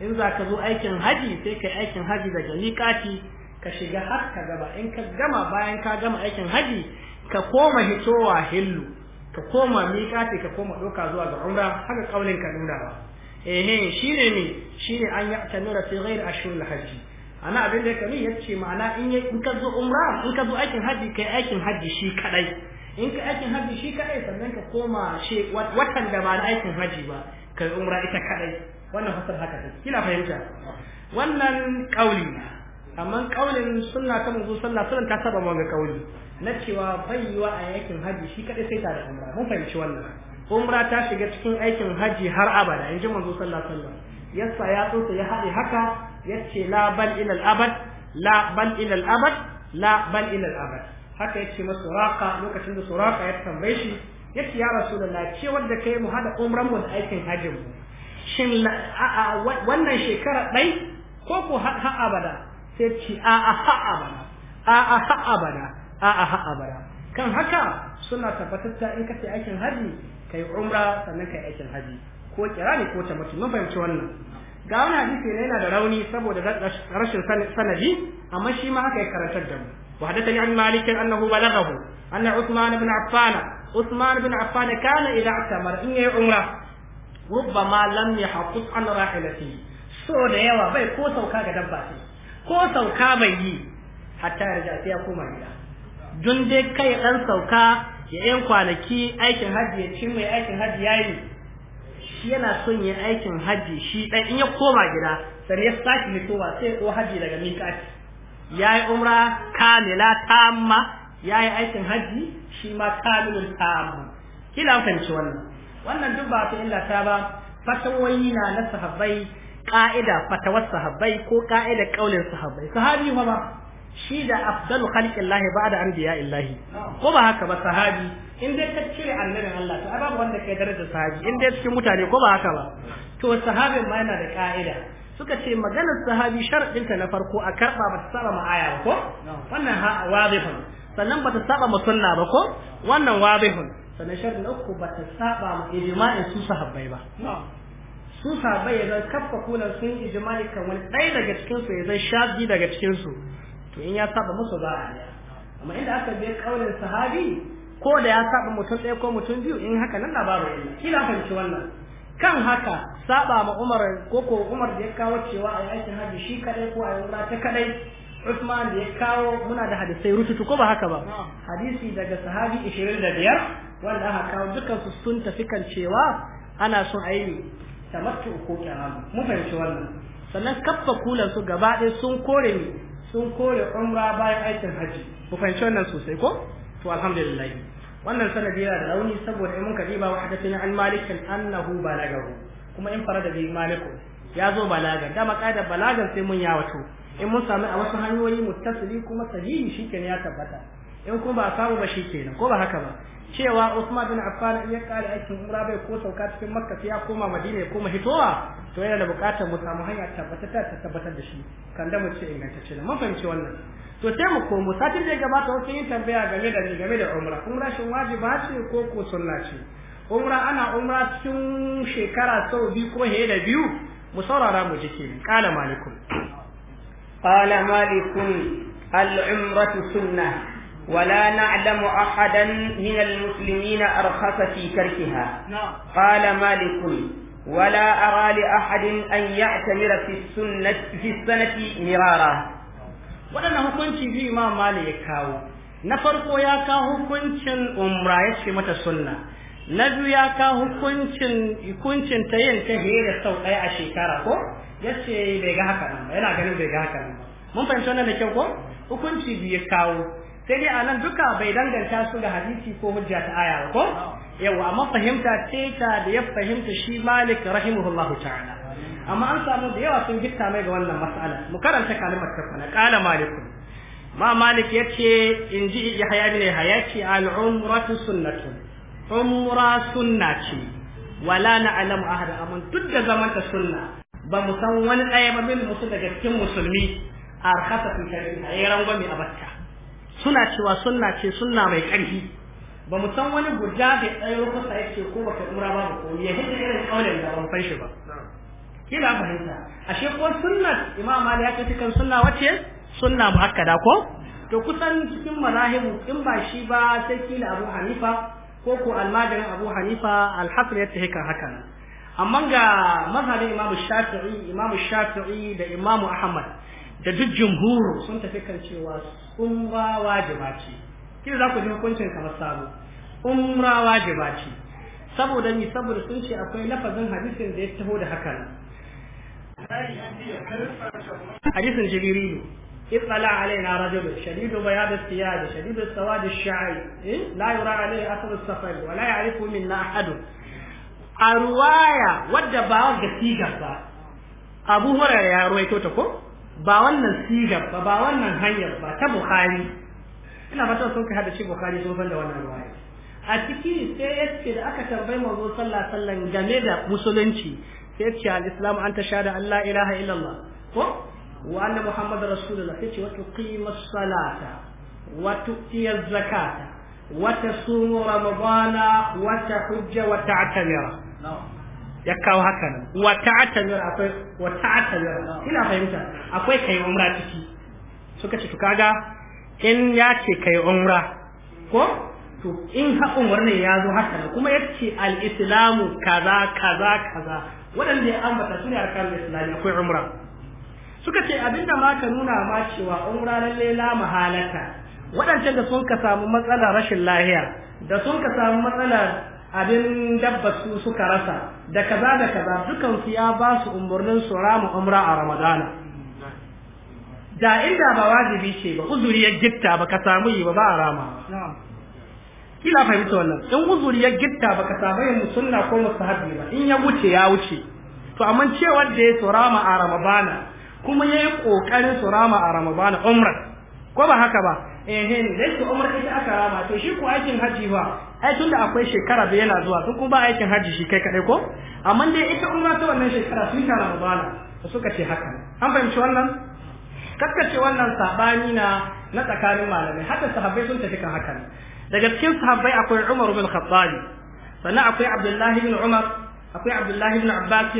in za ka zo aikin haji sai kai aikin haji daga miƙati ka shiga har ka gaba in ka gama bayan ka gama aikin haji ka koma hitowa hillu ka koma miƙa ce ka koma ɗauka zuwa ga umra haka ƙaunin ka nuna ba ehe shi ne ne shi ne an yi a tanura fi ghairi ashirin hajji ana abin da kami ya ce ma'ana in in ka zo umra in ka zo aikin hajji kai aikin hajji shi kadai in ka aikin hajji shi kadai sannan ka koma shi watan da ba na aikin hajji ba kai umra ita kadai wannan fasar haka take kina fahimta wannan kauli amma kaulin sunna ta manzo sallallahu alaihi wasallam ta saba ma ga kauli na cewa bai yiwa a aikin haji shi kaɗai sai tare da umra mun fahimci wannan umra ta shiga cikin aikin haji har abada in ji manzo sallallahu alaihi wasallam yasa ya so ya haɗe haka yace la bal ila al abad la bal ila al abad la bal ila al abad haka yace masa suraka lokacin da suraka ya tambaye shi yace ya rasulullah ce wanda kai mu hada umran mu da aikin hajjin mu shin wannan shekara ɗai? ko ko har abada sai ce a a abada a a abada a'a ha abada kan haka suna tabbatar da in kace aikin haji kai umra sannan kai aikin haji ko kirani ko ta mutum mun fahimci wannan ga wani hadisi ne yana da rauni saboda rashin sanadi amma shi ma haka yi karantar da mu wa hadathani an malik annahu balaghahu anna usman ibn affan usman ibn affan kana idza atamara in yayi umra rubbama lam yahqus an rahilatihi so da yawa bai ko sauka ga dabba ko sauka bai yi hatta ya sai ya koma gida Dun dai kai dan sauka ya yan kwanaki aikin hajji ya cin mai aikin hajji yayi shi yana son yin aikin hajji shi dan in ya koma gida sai ya saki fitowa sai ko hajji daga miƙati yayi umra kamila tamma yayi aikin hajji shi ma kamilun tamma kila fahimci wannan wannan duk ba ta illa ta ba fatawoyi na na sahabbai ka'ida fatawar sahabbai ko ka'ida kaulin sahabbai sahabi ma ba shi da afdalu khalqillahi ba'da illahi. ko ba haka ba sahabi in dai ka cire annabin Allah to babu wanda kai daraja sahabi in dai cikin mutane ko ba haka ba to sahabin ma yana da ka'ida suka ce maganar sahabi sharadinta na farko a karba ba ta saba ma aya ko wannan ha wadihun sannan ba ta saba ma sunna ba ko wannan wadihun sannan sharadin uku ba ta saba ma ijma'in su sahabbai ba su sahabbai ya zan kafa kulan sun ijma'i kan wani ɗaya daga cikinsu ya zan shafi daga cikinsu. to in ya saba musu ba a daya amma inda aka je kaulin sahabi ko da ya saba mutum ɗaya ko mutum biyu in haka nan na babu illa kila ci wannan kan haka saba ma Umar ko ko Umar da ya kawo cewa a yakin haji shi kadai ko a yura ta kadai Usman da ya kawo muna da hadisai rututu ko ba haka ba hadisi daga sahabi 25 wanda aka kawo dukkan su sun tafi kan cewa ana son a yi tamattu ko kirama mu fahimci wannan sannan kaffa kulansu su gaba ɗaya sun kore ni sun kore umra bayan aikin haji ku fahimci wannan sosai ko to alhamdulillah wannan sanadi yana da rauni saboda in muka diba wahdatin an malikin annahu balagahu kuma in da bi maliku ya zo balaga dama da balagan sai mun ya wato in mun sami a wasu hanyoyi muttasili kuma sahihi shikenan ya tabbata in kuma ba samu ba shikenan ko ba haka ba cewa Usman bin Affan ya kare aikin umra bai ko sauka cikin Makka sai ya koma Madina ya koma hitowa to yana da bukatar mu samu hanya tabbatar ta tabbatar da shi kan da mu ce ingantacce ce mun fahimci wannan to sai mu komo satin da ya gabata wasu yin tambaya game da ni game da umra umra shin wajiba ce ko ko sunna ce umra ana umra cikin shekara sau biyu ko he da biyu mu saurara mu ji ke kala malikun qala malikun al-umratu sunnah ولا نعلم أحدا من المسلمين أرخص في تركها نعم. قال مالك ولا أرى لأحد أن يعتمر في السنة في السنة مرارا ولن أكون في ما مالك هاو نفرق ياكا هكونشن أمرا يشي متى السنة نبي ياكا هكونشن يكونشن تين تهير السوء أي عشي كاراكو يشي بيغاكا نمبر أنا أقول بيغاكا نمبر ممكن تشونا نكيوكو هكونشي بيكاو sai dai anan duka bai danganta su ga hadisi ko hujja ta aya ba ko yawa amma fahimta ce ta da ya fahimta shi Malik rahimahullahu ta'ala amma an samu da yawa sun gitta mai ga wannan mas'ala mu karanta kalimar ta kana qala malik ma malik yace in ji ya yahya ne haya ce al umratu sunnatu umra sunna ce wala na'lamu ahada amun duk da zaman ta sunna ba mu san wani ɗaya ba bin musu daga cikin musulmi a harkasa sun shari'a yayin rangwame a bakka suna cewa sunna ce sunna mai ƙarfi ba mu san wani guda da tsayo kusa ce ko baka umra ba ko ya hita irin kaulin da ban san ba kila fahimta ashe ko sunna imam mali ya kace cikin sunna wace sunna da ko to kusan cikin marahibu in ba shi ba sai kila abu hanifa ko ko almajirin abu hanifa alhasr ya tafi kan haka amma ga mazhabin imam shafi'i imam shafi'i da imam ahmad da duk jumhuru sun tafi kan cewa umra ba ce kin za ku ji hukuncin kamar sabo umra ba ce saboda ni saboda sun ce akwai lafazin hadisin da ya taho da hakan hadisin jibiri ne itsala alaina rajulun shadidu bayad ya siyad shadidu as-sawad ash-sha'i eh? la yura alayhi athar as-safar wa la ya'rifu minna ahad a ruwaya wadda ba wa gasigar ba abu hurairu ya ruwaito kyauta ko ba wannan sigar ba ba wannan hanyar ba ta bukari. ina fata sun kai hada shi bukari sun san da wannan a ciki sai yace da aka tambayi manzo sallallahu alaihi game da musulunci sai yace al-islam an ta an Allah ilaha illallah ko wa anna Muhammadu rasulullah sai ce wa tuqima salata wa tu'ti zakata wa tasumu ramadana wata tahujja wa ta'tamira ya kawo haka nan wa ta'tamir akwai wa atamir. ina fahimta akwai kai umra ciki suka ce to kaga in ya ce kai umra ko to in ha umar ne ya zo haka nan kuma yace al-islamu kaza kaza kaza waɗanda ya ambata su ne arkan islami akwai umra suka ce abinda ma ka nuna ma cewa umra lalle la mahalata waɗancan da sun ka samu matsala rashin lahiya da sun ka samu matsalar. abin dabba su suka rasa da kaza da kaza dukan su ya ba su umurnin su rama umra a ramadana da inda ba wajibi ce ba uzuri ya gitta ka samu yi ba ba a rama kila fahimta wannan in uzuri ya gitta baka samu yin sunna ko musahabi ba in ya wuce ya wuce to amma cewa da ya surama a ramadana kuma yayi kokarin surama a ramadana umra ko ba haka ba eh ne dai ko umar ita aka rama to shi ko aikin haji ba ai tunda akwai shekara da yana zuwa sun kuma aikin haji shi kai kadai ko amma dai ita umma ta wannan shekara sun tara To suka ce haka an fahimci wannan ce wannan sabani na na tsakanin malamai haka sahabbai sun tafi kan haka daga cikin sahabbai akwai Umar bin Khattabi sannan akwai Abdullah bin Umar akwai Abdullah bin Abbas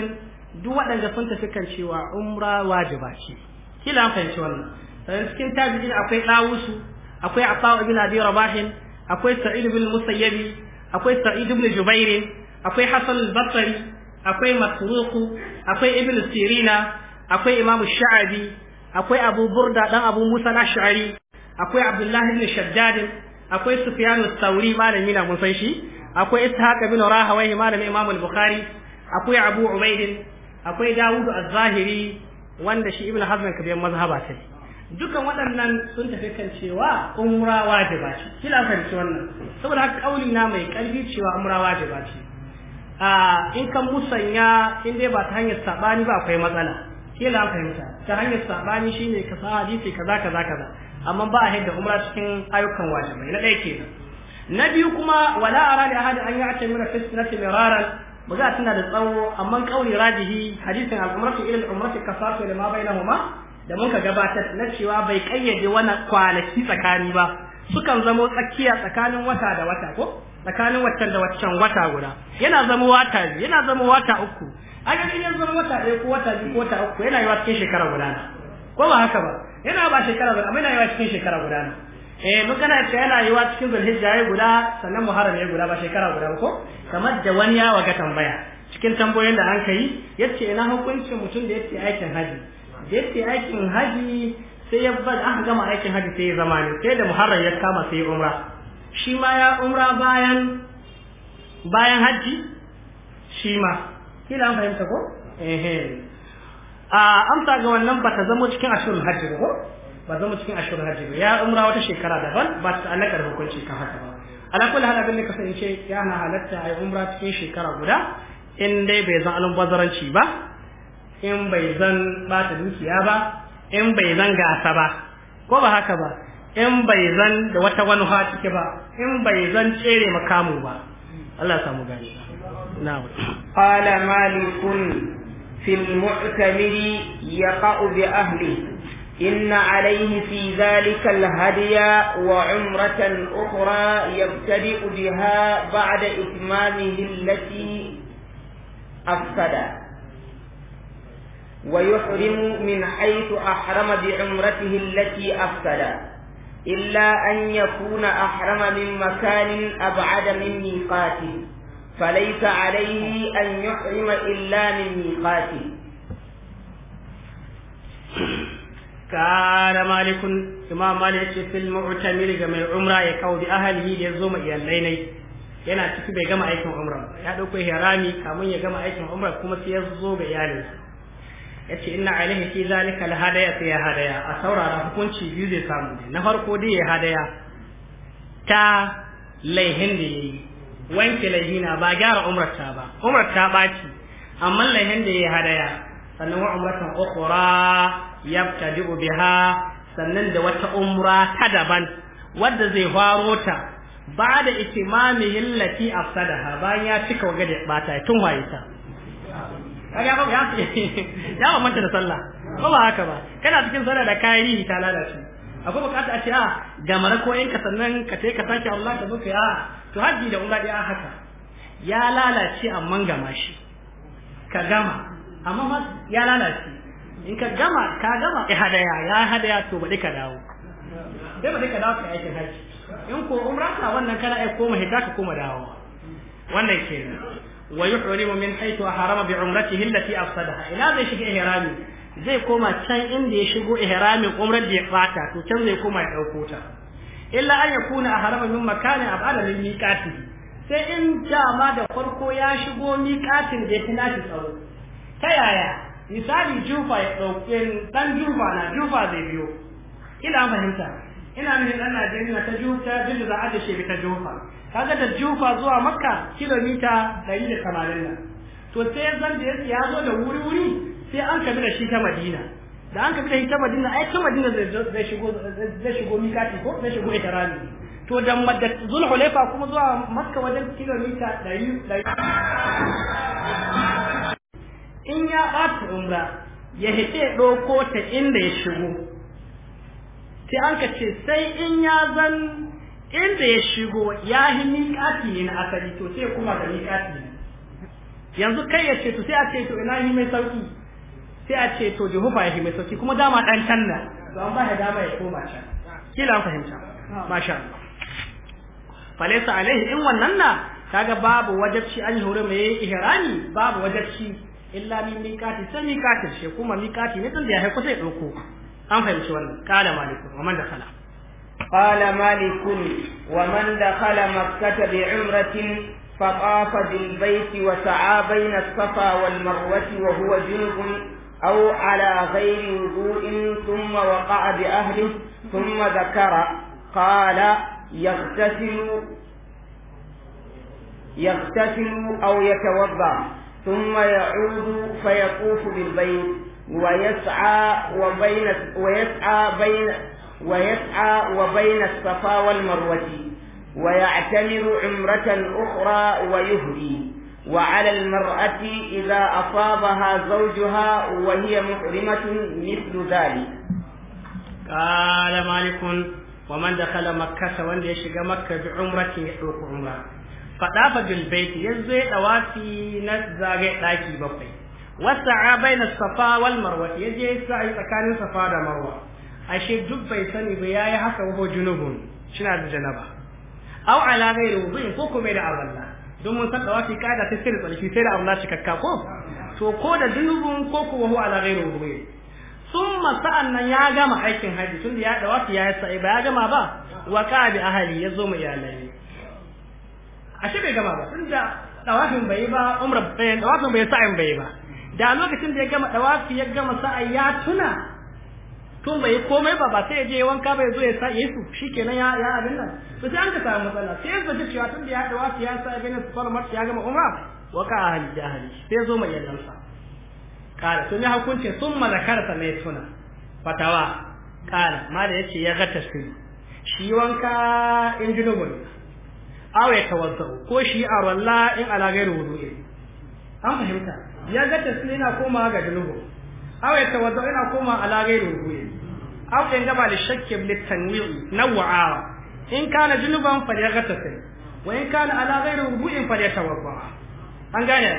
duk waɗanda sun tafi kan cewa umra wajiba ce kila an fahimci wannan daga cikin tabi'in akwai ɗawusu akwai asawa ibn abi rabahin akwai sa'id ibn musayyabi akwai sa'id ibn jubair akwai hasan al-basri akwai masruq akwai ibn sirina akwai imam sha'abi akwai abu burda dan abu musa ash'ari akwai abdullah ibn shaddad akwai sufyan al-thawri malami mun san shi akwai ishaq ibn rahawayh malami imam al-bukhari akwai abu ubaid akwai Dawudu az-zahiri wanda shi ibn hazm kabiyan mazhaba ta dukan waɗannan sun tafi kan cewa umra wajiba ce shi la wannan saboda haka kauli na mai karfi cewa umra wajiba ce a in kan musanya in dai ba ta hanyar sabani ba akwai matsala kila an fahimta ta hanyar sabani shine ka sa hadisi kaza kaza kaza amma ba a haidda umra cikin ayyukan wajibai na ɗaya kenan na biyu kuma wala ara li ahad an ya'ti min fitnati miraran ba za tana da tsawo amma kauli rajihi hadisin al-umratu ila al-umrati kasatu lima bainahuma da mun ka gabatar na cewa bai kayyade wani kwanaki tsakani ba sukan zamo tsakiya tsakanin wata da wata ko tsakanin watan da waccan wata guda yana zama wata biyu yana zama wata uku a ga in ya zama wata ɗaya ko wata biyu ko wata uku yana yiwa cikin shekara guda na ko ba haka ba yana ba shekara guda amma yana yiwa cikin shekara guda na eh mun kana cewa yana yiwa cikin zulhijja ya guda sannan muharram ya guda ba shekara guda ko kamar da wani ya waga tambaya cikin tambayoyin da an kai yace ina hukuncin mutum da yake aikin haji da yake aikin haji sai ya bar aka gama aikin haji sai ya zama ne sai da muharram ya kama sai ya umra shi ma ya umra bayan bayan haji shi ma kila an fahimta ko eh a amsa ga wannan ba ta zama cikin ashurul haji ba ba zama cikin ashurul haji ba ya umra wata shekara daban ba ta alaka da hukunci kan haka ba ala kulli hal abin da kasance yana halatta ai umra cikin shekara guda in dai bai zan bazaranci ba in bai zan bata dukiya ba in bai zan gasa ba ko ba haka ba in bai zan da wata wani cike ba in bai zan tsere makamu ba Allah ya samu gani na'am qala malikun fil mu'tamiri yaqa'u bi ahli إن عليه في ذلك الهدي وعمرة أخرى يبتدئ بها بعد إتمامه التي أفسدت ويحرم من حيث أحرم بعمرته التي أفسد إلا أن يكون أحرم من مكان أبعد من ميقاته فليس عليه أن يحرم إلا من ميقاته قال مالك إمام مالك في المعتمر جمع عمره يكو بأهله يزوم إياليني yana ciki bai gama aikin umra ya dauko harami kamun ya gama aikin umra kuma sai ya zo ga iyalinsa yace inna Ali fi zalika la hadaya sai ya hadaya a saurara hukunci biyu zai samu ne na farko dai ya hadaya ta laihin da yayi wanke laihina ba gyara umrarta ba umrarta baci amma laihin da yayi hadaya sannan wa umratan ukhra yabtadi biha sannan da wata umra ta daban wadda zai faro ta ba da itimamihin lati afsadaha bayan ya cika waga da bata tun waye ta kaga ba ya ya manta da sallah ko ba haka ba kana cikin sallah da kayi ta lada shi akwai bukata a ce a ah, ga marako yanka sannan ka ce ka sake Allah ka zuka ya ah. to haji da umra dai haka ya lalace amma gama shi ka gama amma ma ya lalace in ka gama ka gama ya hadaya ya hadaya to bade ka dawo sai bade ka dawo ka yi haji in ko umra ka wannan kana ai koma hita ka koma dawowa wannan kenan wa yuhrimu min haythu harama bi umratihi allati afsadaha ila zai shiga ihrami zai koma can inda ya shigo ihramin umrar da ya fata to can zai koma ya dauko ta illa an yakuna harama min makani abada lil miqati sai in jama da farko ya shigo miqatin da ya tunashi tsaro ta yaya misali jufa ya dauke dan jufa na jufa zai biyo ila fahimta ina nufin dan Najeriya ta jufa jirgin da aje shi ta jufa kaga da jufa zuwa makka kilomita ɗari da to sai zan da ya zo da wuri wuri sai an kabi da shi ta madina da an kabi da shi ta madina ai ta madina zai shigo zai shigo mikati ko zai shigo ihrami to da zulhulaifa kuma zuwa makka wajen kilomita ɗari in ya ba ta umra ya hite ɗauko ta inda ya shigo sai an ka ce sai in ya zan inda ya shigo ya yi miƙati ne na asali to sai kuma da miƙati ne yanzu kai ya ce to sai a ce to ina yi mai sauki sai a ce to jehova ya yi mai sauki kuma dama ɗan can na to an ba ya dama ya koma can kila an fahimta masha Allah falaisa alaihi in wannan na kaga babu wajabci an yi hore mai ihrami babu wajabci illa min miƙati sai miƙati shi kuma miƙati ne tun da ya haiku sai ɗauko an fahimci wannan kala malikun wa man dakhala قال مالك ومن دخل مكة بعمرة فطاف بالبيت وسعى بين الصفا والمروة وهو جنب أو على غير وضوء ثم وقع بأهله ثم ذكر قال يغتسل يغتسل أو يتوضأ ثم يعود فيطوف بالبيت ويسعى وبين ويسعى بين ويسعى وبين الصفا والمروة ويعتمر عمرة أخرى ويهدي وعلى المرأة إذا أصابها زوجها وهي محرمة مثل ذلك قال مالك ومن دخل مكة وان يشق مكة بعمرة يحرق عمرة فطاف بالبيت يزوي دوافي نزاغي داكي بقي wasa'a baina safa wal marwa yaje sai tsakanin safa da marwa ashe duk bai sani ba yayi haka wa junubun shina da janaba aw ala ghairi wudu'in ko kuma da aballa don mun san dawafi kada ta sirri tsalki sai da shi kakka ko to ko da junubun ko kuma huwa ala ghairi wudu'in thumma sa'annan ya gama aikin haji da ya dawafi ya sai ba ya gama ba wa ka bi ahli yazo mu iyalai ashe bai gama ba da dawafin bai ba umra eh, bai dawafin bai sa'in bai ba da lokacin da ya gama dawafi ya gama sa'a ya tuna tun bai komai ba ba sai ya je wanka bai zo ya sa ya su shikenan ya ya abin nan to sai an ka samu matsala sai ya zaci cewa tun da ya dawafi ya sa fara Sulaiman ya gama umra wa ka ahli jahili sai zo mai yallan sa kare sun yi hukunci sun mana sa mai tuna fatawa kare ma da yace ya gata su shi wanka in ji aw awai tawazzau ko shi a walla in ala gairu wudu'i an fahimta ya ga tasli na koma ga dunubu aw ya tawaddu ina koma ala ghairi rukuyi aw in gaba da shakki bil tanwi'i naw'a in kana junuban fa ya ga tasli wa in kana ala ghairi rukuyi fa ya tawaddu an gane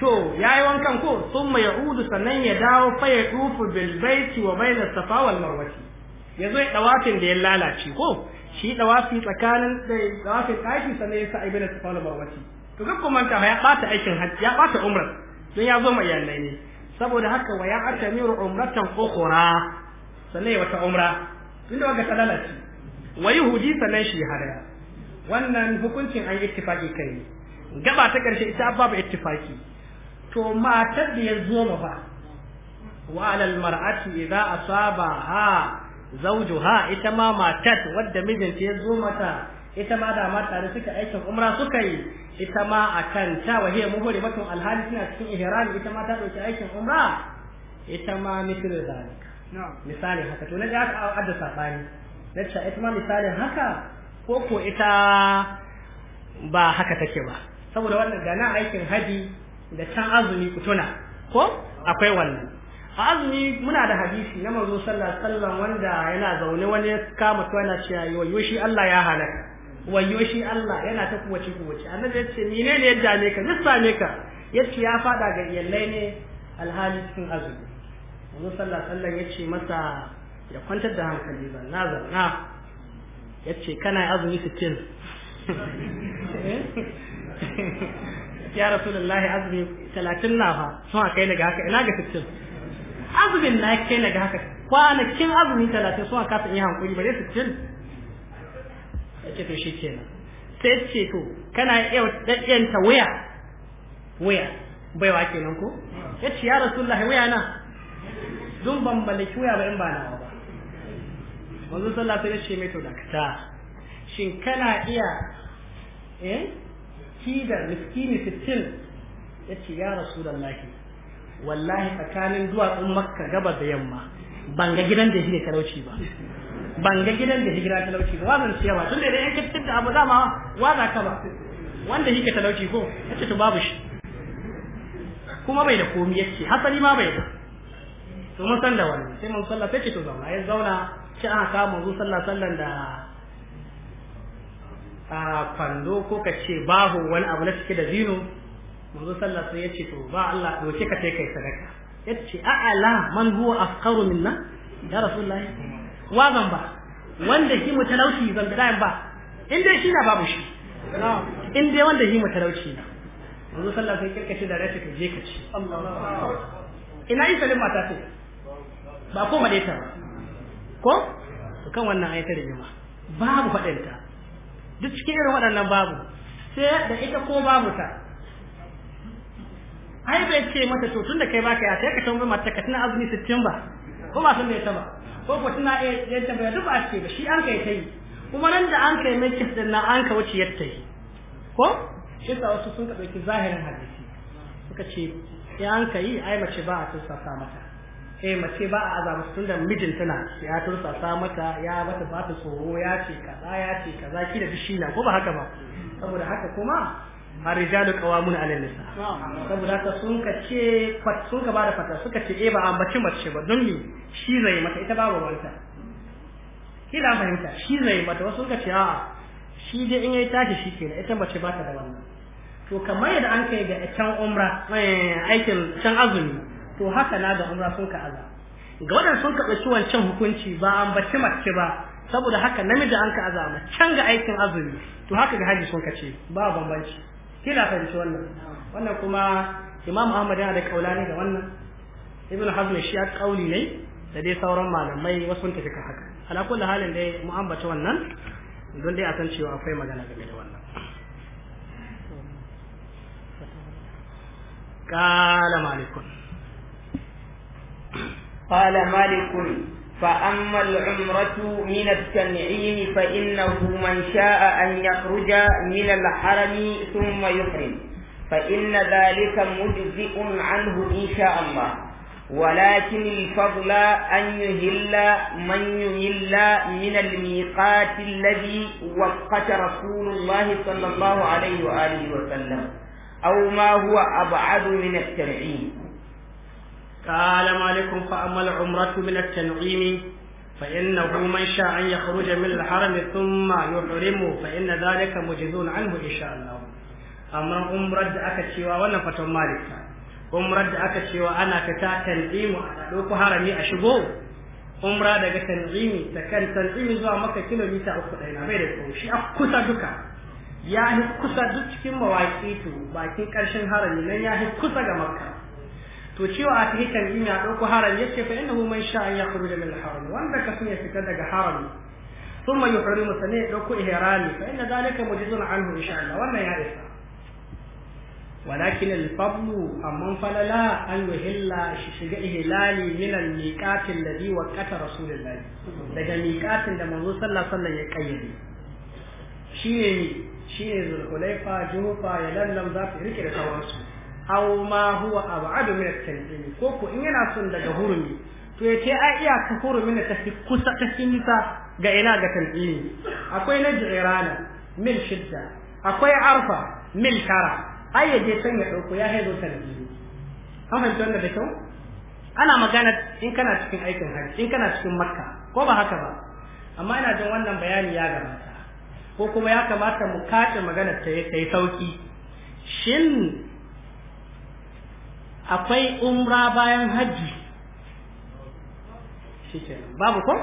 to yayi wankan ko thumma ya'udu sannan ya dawo fa ya dufu bil baiti wa bayna safa wal marwa ya ya dawafin da ya lalace ko shi dawafi tsakanin da dawafin daki sannan ya sa ibn safa wal marwa to ga kuma ta ya bata aikin hajji ya bata umrah don ya zo mai yallai ne saboda haka wa ya atamiru umratan ukhra sannan wata umra inda waka talala wa yahudi sannan shi hadaya wannan hukuncin an yi ittifaki kai gaba ta karshe ita babu ittifaki to matar da ya zo ma ba wa alal mar'ati idza ha zawjuha ita ma matar wadda mijinta ya zo mata ita ma da mata da suka aikin umra suka yi ita ma a kan ta wahiyar muhuri batun alhali suna cikin ihram ita ma ta dauki aikin umra ita ma mithlu zalika misali haka to na ji aka adda sabani na ce ita ma misalin haka ko ko ita ba haka take ba saboda wannan ga na aikin haji da can azumi ku tuna ko akwai wannan a azumi muna da hadisi na manzo sallallahu alaihi wasallam wanda yana zaune wani kama to yana cewa yoyo shi Allah ya halaka wayo shi Allah yana ta kuwace kuwace annabi ya ce mine ne ya dame ka zai ne ka ya ce ya fada ga iyalai ne alhali cikin azumi wanzu sallah sallan ya ce masa ya kwantar da hankali zanna zanna ya ce kana azumi sittin ya rasulullahi azumi talatin na fa sun kai daga haka ina ga sittin azumin na kai daga haka kwanakin azumi talatin sun kasa hankali? hankuri bare sittin yace to shikenan sai ce to kana iya daddanta waya waya baiwa kenan ko yace ya rasulullahi waya na dun ban ki waya ba in ba nawa ba wanzu sallah sai yace mai to ta shin kana iya eh kida miskini 60 yace ya rasulullahi wallahi tsakanin duwatsun makka gaba da yamma ban ga gidan da shi ne karauci ba ban ga gidan da hijira talauci ba wazan ciyawa tunda idan yanka fitar da abu dama waza ka ba wanda ta lauci ko yace to babu shi kuma bai da komi yace hasali ma bai da to mun san da wani sai mun sallah sai ce to zauna ya zauna sai aka kawo manzo sallah sallan da a kwando ko ka ce babu wani abu na cike da zino manzo sallah sai ya ce to ba Allah doke ka kai sadaka yace a'ala man huwa afqaru minna ya rasulullahi wazan ba wanda shi mu talauci zan da ba in dai shi na babu shi in dai wanda shi mu talauci na wanzu sallah sai kirkace da rashi ka je ka ci ina yi salin mata ce ba ko madaita ba ko kan wannan da jima babu faɗinta duk cikin irin waɗannan babu sai da ita ko babu ta ai bai ce mata to tun da kai baka ya sai ka tambaye mata ka tuna azumi sittin ba ko ba san da ita ba ko ko tana iya yan tambaya duk a ce ba shi an kai tai kuma nan da an kai mai kisan na an ka wuce yatta yi ko shi sa wasu sun kaɗauki zahirin hadisi suka ce ya an kai ai mace ba a tursasa mata eh mace ba a tun da mijin tana ya tursasa mata ya bata ba ta tsoro ya ce kaza ya ce kaza ki da shi ko ba haka ba saboda haka kuma الرجال قوامون على النساء saboda haka sun bada fata suka ce eh, ba ambaci mace ba don shi zai mata ita ba wanta kila fahimta shi zai mata wasu suka ce a'a shi dai in yayi tashi shi kenan ita mace ba ta da wannan to kamar yadda an kai ga can umra eh, aikin can azumi to haka na da umra sun ka aza ga waɗanda sun hukunci ba an mace ba saboda haka namiji an ka azama can ga aikin azumi to haka ga haji sun ka ce ba bambanci kina fahimci wannan wannan kuma imam ahmad yana da kaulani ga wannan ibn hazm shi ya kauli ne da dai sauran malamai wasu sun tafi haka ala kullu halin dai mu ambata wannan don dai a san cewa akwai magana game da wannan قال مالك قال مالك فأما العمرة من التنعيم فإنه من شاء أن يخرج من الحرم ثم يحرم فإن ذلك مجزئ عنه إن شاء الله ولكن الفضل أن يهل من يهل من الميقات الذي وقت رسول الله صلى الله عليه وآله وسلم أو ما هو أبعد من التنعيم قال مالك فأما العمرة من التنعيم فإنه من شاء أن يخرج من الحرم ثم يحرمه فإن ذلك مجزون عنه إن شاء الله أما عمرة أكتشوا وأنا فتو مالك عمرة أكتشوا أنا كتا تنعيم لوك حرمي أشبو عمرة دقى تنعيم تكن تنعيم زوا مكة كيلو ميتا أخذنا بيركم شيء أكتا دكا ya kusa duk cikin mawaƙi to bakin ƙarshen harami nan ya kusa ga makka to cewa a cikin tanzimi a ɗauko haram ya ce fa ina hu man sha an ya kuru da min haram wanda ka sun ya fita daga haram sun mai yuhari musane ya ɗauko ihrami fa inna zalika mujizun anhu insha Allah wannan ya isa walakin al amma falala an yuhilla shi shiga ihlali min al-miqatin ladhi waqata rasulullah daga miqatin da manzo sallallahu alaihi wasallam ya kayyade shine shine zulhulaifa jufa ya lallam za ta rike da sauransu aw ma huwa ab'adu min at-tanzimi ko ko in yana son daga hurumi to yace a iya ka hurumin ta kusa ta nisa ga ina ga tanzimi akwai na jirana mil shidda akwai arfa mil tara ai yaje san ya dauko ya haizo tanzimi an fahimta tunda da kyau ana magana in kana cikin aikin haji in kana cikin makka ko ba haka ba amma ina jin wannan bayani ya gabata ko kuma ya kamata mu kace magana ta yi sauki shin akwai umra bayan hajji babu ko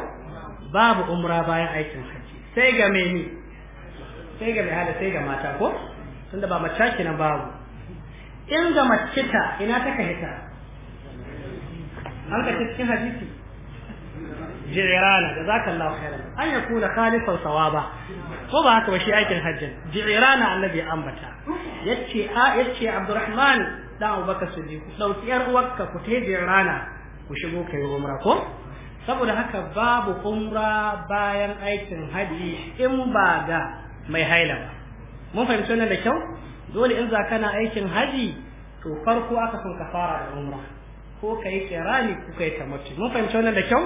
babu umra bayan aikin hajji sai ga mai sai ga mai sai ga mata ko tunda ba mace na babu in ga mace ta ina ta ka hita an ka cikin hadisi jirana da zaka Allah khairan an kani khalisan ba. ko ba haka ba shi aikin hajjin jirana annabi ambata yace a yace Abdurrahman dan abubakar siddiq ku dauki yar uwarka ku taje rana ku shigo kai umra ko saboda haka babu umra bayan aikin haji in ba ga mai haila ba mun fahimci wannan da kyau dole in za kana aikin haji to farko aka san ka fara da umra ko kai kirani ko kai tamattu mun fahimci wannan da kyau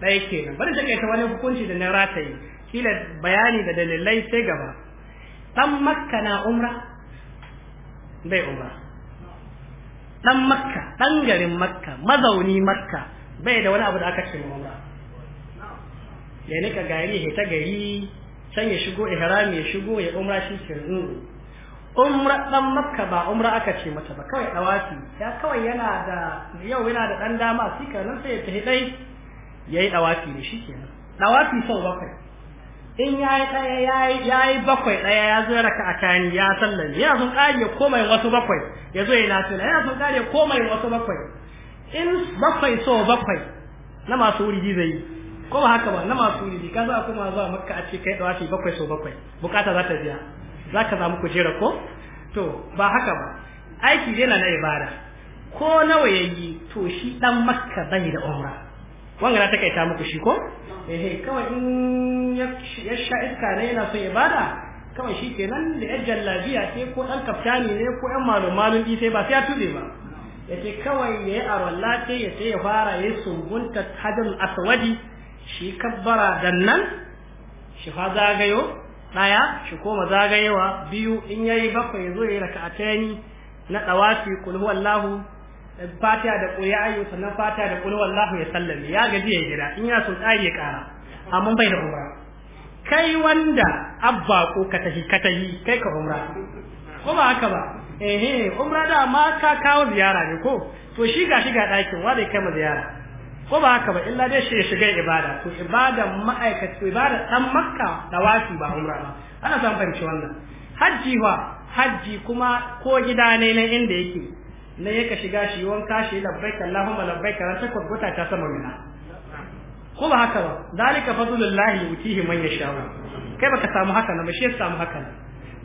ɗaya kenan bari ta kaita wani hukunci da na rataye kila bayani da dalilai sai gaba dan makka na umra bai umra dan makka dan garin makka mazauni makka bai da wani abu da aka ce umra ya nika gari ya ta gari can ya shigo ihrami ya shigo ya umra shi ke umra dan makka ba umra aka ce mata ba kawai dawafi ya kawai yana da yau yana da dan dama shi nan sai ya tafi dai yayi dawafi ne shi kenan dawafi sau bakwai in yayi daya yayi yayi bakwai daya ya zo raka akani ya sallan ya sun kare komai wasu bakwai ya zo yana sunna ya sun kare komai wasu bakwai in bakwai so bakwai na masu wuri zai ko ba haka ba na masu wuri ka za kuma zuwa makka a ce kai dawashi bakwai so bakwai bukata za ta biya za ka samu kujera ko to ba haka ba aiki yana na ibada ko nawa yayi to shi dan makka bai da umra wanga na takaita muku shi ko eh kawai in ya sha iska ne yana son ibada kawai shi kenan da yan jallabiya ce ko dan kaftani ne ko yan malum malum ɗi sai ba sai ya tuɗe ba ya ce kawai ya yi arwalla ce ya ya fara ya yi sungunta hajjin aswadi shi kabbara dan nan shi fa zagayo ɗaya shi koma zagayewa biyu in yayi bakwai zo ya yi raka'atani na ɗawafi kulhu wallahu fatiha da ƙuri'a ayyu sannan fatiha da ƙuri, wallahu ya sallame ya gaji ya gida in ya so tsari ya ƙara amma bai da umra kai wanda abba ko ka tafi, ka tafi, kai ka umra ko ba haka ba eh umra da ma ka kawo ziyara ne ko to shi ga shiga ɗakin wa zai kai mu ziyara ko ba haka ba illa dai shi ya shiga ibada to ibada ma'aikata, ibada dan makka da wasu ba umra ba ana san fahimci wannan hajji wa hajji kuma ko gida ne na inda yake na yaka shiga shi wanka shi labbaika Allahumma labbaika ran takwas gota ta sama mina ko ba haka ba zalika fadlullahi yutihi man yasha kai baka samu haka na mashi ya samu haka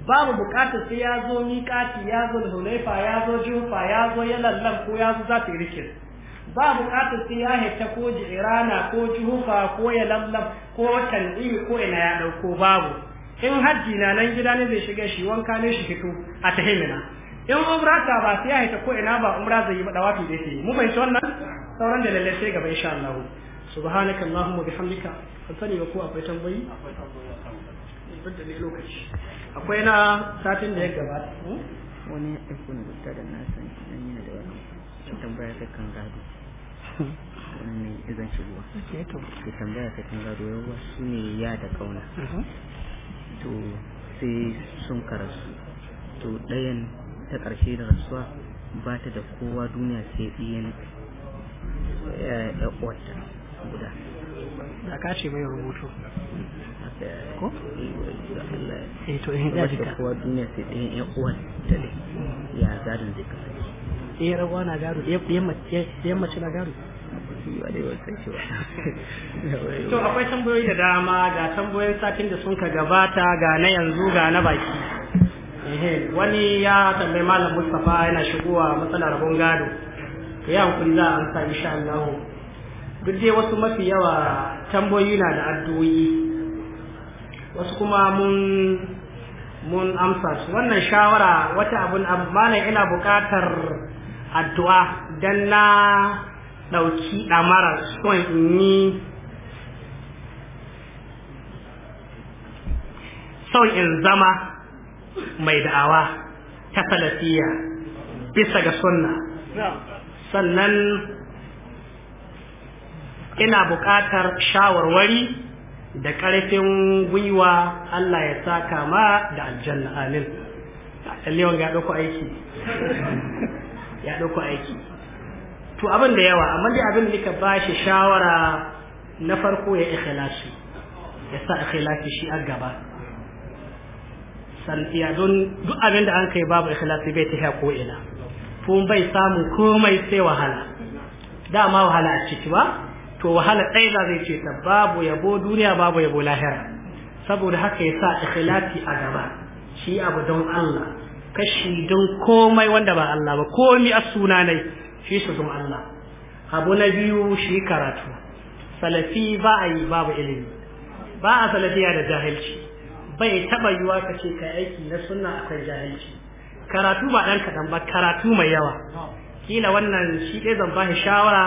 babu bukatar sai ya zo miƙati ya zo da hulaifa ya zo jufa ya zo ya lallan ko ya zo za ta yi rikin ba bukatar sai ya hita ko jirana ko jufa ko ya lallan ko tanɗi ko ina ya ɗauko babu in hajji na nan gida ne zai shiga shi wanka ne shi fito a tahimina in umra ta ba sai ya haita ko ina ba umra zai yi madawafi da yake mu bai wannan sauran da lalle sai gaba insha Allah subhanaka allahumma bihamdika an sani ba ko akwai tambayi akwai tambayi ne eh, lokaci akwai na satin da ya gaba hmm? wani ikon da da na san nan ne da wani tambaya ta kan gado wannan idan izan shigowa ke tambaya ta kan gado yawa shine ya da kauna mhm. to sai sun karasu to ɗayan ta ƙarshe da rasuwa ba ta da kowa duniya sai ɗiyan eh, wata guda da ka ce mai rubutu eh, ko? Eh, eh to in ya jika kowa duniya sai ɗiyan ƴan uwan ta ne ya gadon zai kasance ɗiyan rawa na gado ɗiyan mace na gado to akwai tambayoyi da dama ga tambayoyin satin da sun ka gabata ga na yanzu ga na baki wani ya tambayi malam Mustapha yana shigowa matsalar rabon gado ka yi hankuri za a amsa insha Allah duk dai wasu mafi yawa tamboyi na da addu'o'i wasu kuma mun mun amsa su wannan shawara wata abun amma ina buƙatar addu'a dan na ɗauki ɗamara son in son in zama mai da'awa ta salafiya bisa ga sunna sannan ina buƙatar shawarwari da ƙarfin gwiwa Allah ya saka ma da aljanna amin lewan ya ɗauko aiki ya ɗauko aiki to abin da yawa amma dai abin da nika ba shi shawara na farko ya ikhlasi ya sa ikhlasi shi a gaba santiya don duk abin da an kai babu ikhlasi bai tafiya ko ina kuma bai samu komai sai wahala dama wahala a ciki ba to wahala ɗaya za zai ce ta babu yabo duniya babu yabo lahira saboda haka ya sa ikhlasi a gaba shi abu don Allah kashi don komai wanda ba Allah ba komai a suna ne shi su don Allah abu na biyu shi karatu salafi ba a yi babu ilimi ba a salafiya da jahilci bai taba yiwa ka ce ka aiki na sunna akan jahilci karatu ba dan kadan ba karatu mai yawa kila wannan shi dai zan bashi shawara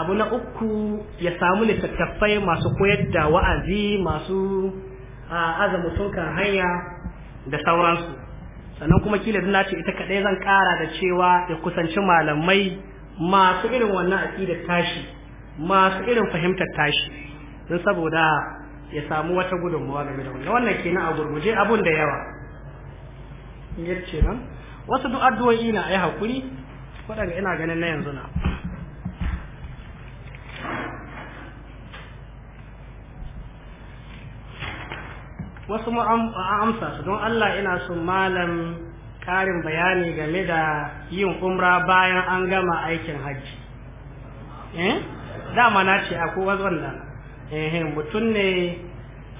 abu na uku ya samu littattafai masu koyar da wa'azi masu azamu sunkan hanya da sauransu sannan kuma kila duna ce ita kadai zan ƙara da cewa ya kusanci malamai masu irin wannan aƙidar tashi masu irin fahimtar tashi don saboda ya samu wata gudunmawa game da wannan wannan kenan a gurguje abun da yawa yar ce nan wasu duk addu'o'i na ai hakuri daga ina ganin na yanzu na wasu mu amsa su don Allah ina son malam karin bayani game da yin umra bayan an gama aikin hajji eh dama na ce akwai wanda ehe mutum ne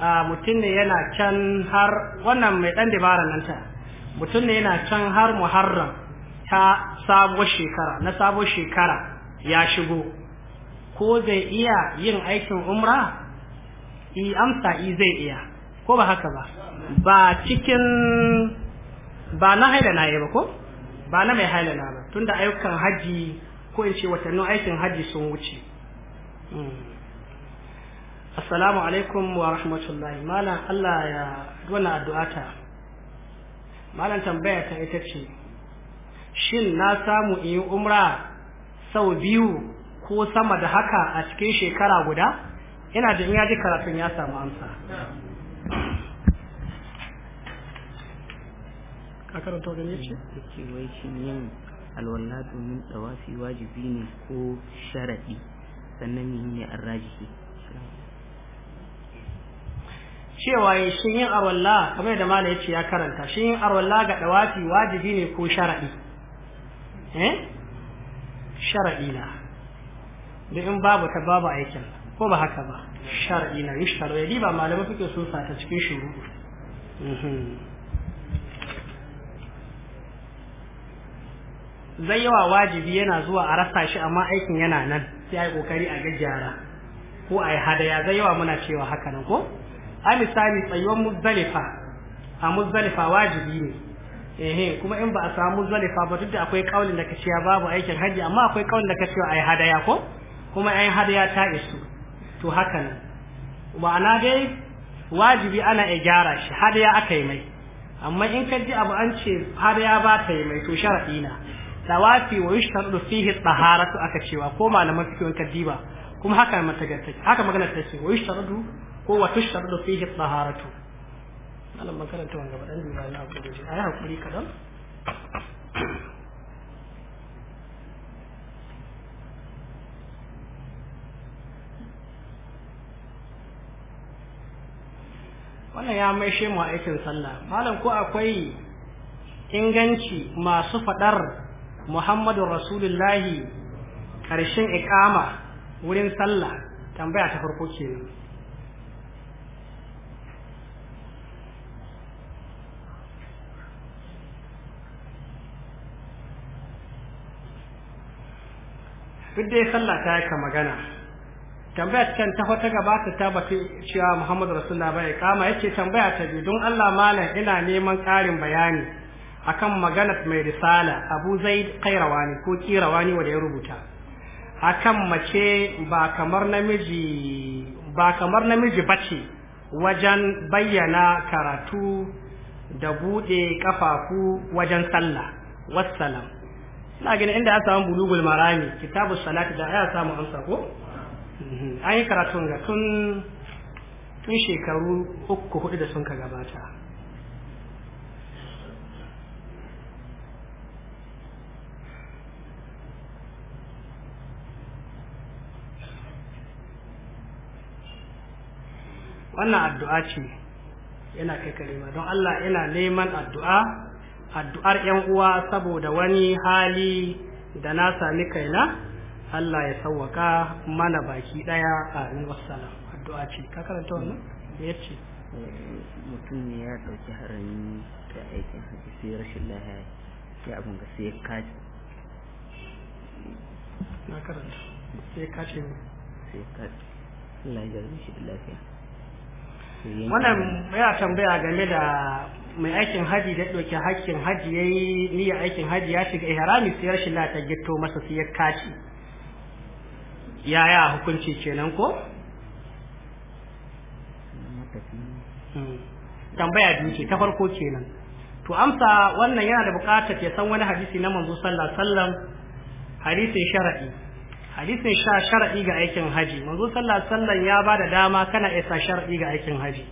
a mutum ne yana can har wannan mai dan dabara nan ta mutum ne yana can har muharram ta sabo shekara na sabo shekara ya shigo ko zai iya yin aikin umra i amsa i zai iya ko ba haka ba ba cikin ba na haila na ba ko ba na mai haila na ba tunda ayyukan haji ko in ce watannin aikin haji sun wuce hmm. assalamu alaikum wa rahmatullahi malam Allah ya wannan addu'ata malam tambaya ta ita ce shin na samu in yi umra sau biyu ko sama da haka a cikin shekara guda ina da ya ji karatun ya samu amsa ka karanta ne ce? wai shi yin alwala domin tsawafi wajibi ne ko sharaɗi sannan ne arraji? cewa ya shi yin arwalla kamar da mala yace ya karanta shi yin arwalla ga dawafi wajibi ne ko shar'i eh shar'i na da in babu ta babu aikin ko ba haka ba shar'i na yushtaru ya ba malamai suke sun sa ta cikin shuru mhm. zai yawa wajibi yana zuwa a rasa shi amma aikin yana nan sai a yi kokari a gajjara ko a yi hadaya zai yawa muna cewa haka nan ko a misali tsayuwar Muzalifa a Muzalifa wajibi ne ehe kuma in ba a samu Muzalifa ba duk da akwai kaulin da kaciya babu aikin haji amma akwai kaulin da a ai hadaya ko kuma ai hadaya ta isu to haka ne ma'ana dai wajibi ana iya gyara shi hadaya aka yi mai amma in ka ji abu an ce hadaya ba ta yi mai to sharadi na tawafi wa yushtardu fihi taharatu aka cewa ko malaman fikihin kaddiba kuma haka mata haka magana ta ce wa yushtardu ko wa tushradu fihi taharatu Allah man karanta wannan gaban duba na abu da ayi hakuri kadan wannan ya maishe mu aikin sallah malam ko akwai inganci masu fadar Muhammadu Rasulullahi karshen ikama wurin sallah tambaya ta farko kenan duk dai sallah ta yi ka magana tambaya can ta wata gaba ta tabbata cewa Muhammadu Rasulullah bai kama yace tambaya ta biyu don Allah malam ina neman ƙarin bayani akan magana mai risala Abu Zaid Qairawani ko Qairawani wanda ya rubuta akan mace ba kamar namiji ba kamar namiji bace wajen bayyana karatu da buɗe kafafu wajen sallah wassalam na gani inda ya samu bulugul marami kitabu salati da ya samu amsa ko mhm. an yi karatun ga tun shekaru uku hudu da sun ka gabata wannan addu'a ce yana kai kalima don Allah yana neman addu'a addu'ar yan uwa saboda wani hali da na sami kaina Allah ya sauwaka mana baki daya amin wassalam addu'a ce ka karanta wannan ya ce mutum ne ya dauki harami ta aikin haji sai rashin lahaya, sai abin ga sai kaji na karanta sai ne. sai kaji Allah ya jarumi shi da lafiya wannan ya tambaya game da mai aikin haji da ɗauki hakkin haji ya yi niyyar aikin haji ya shiga ihrami sai rashin lata gito masa sai ya kaci yaya hukunci kenan ko hmm. tambaya biyu ce ta farko kenan to amsa wannan yana da buƙatar ya san wani hadisi na manzo sallallahu alaihi wasallam hadisin shar'i hadisin sha shar'i ga aikin haji manzo sallallahu alaihi wasallam ya bada dama kana isa shar'i ga aikin haji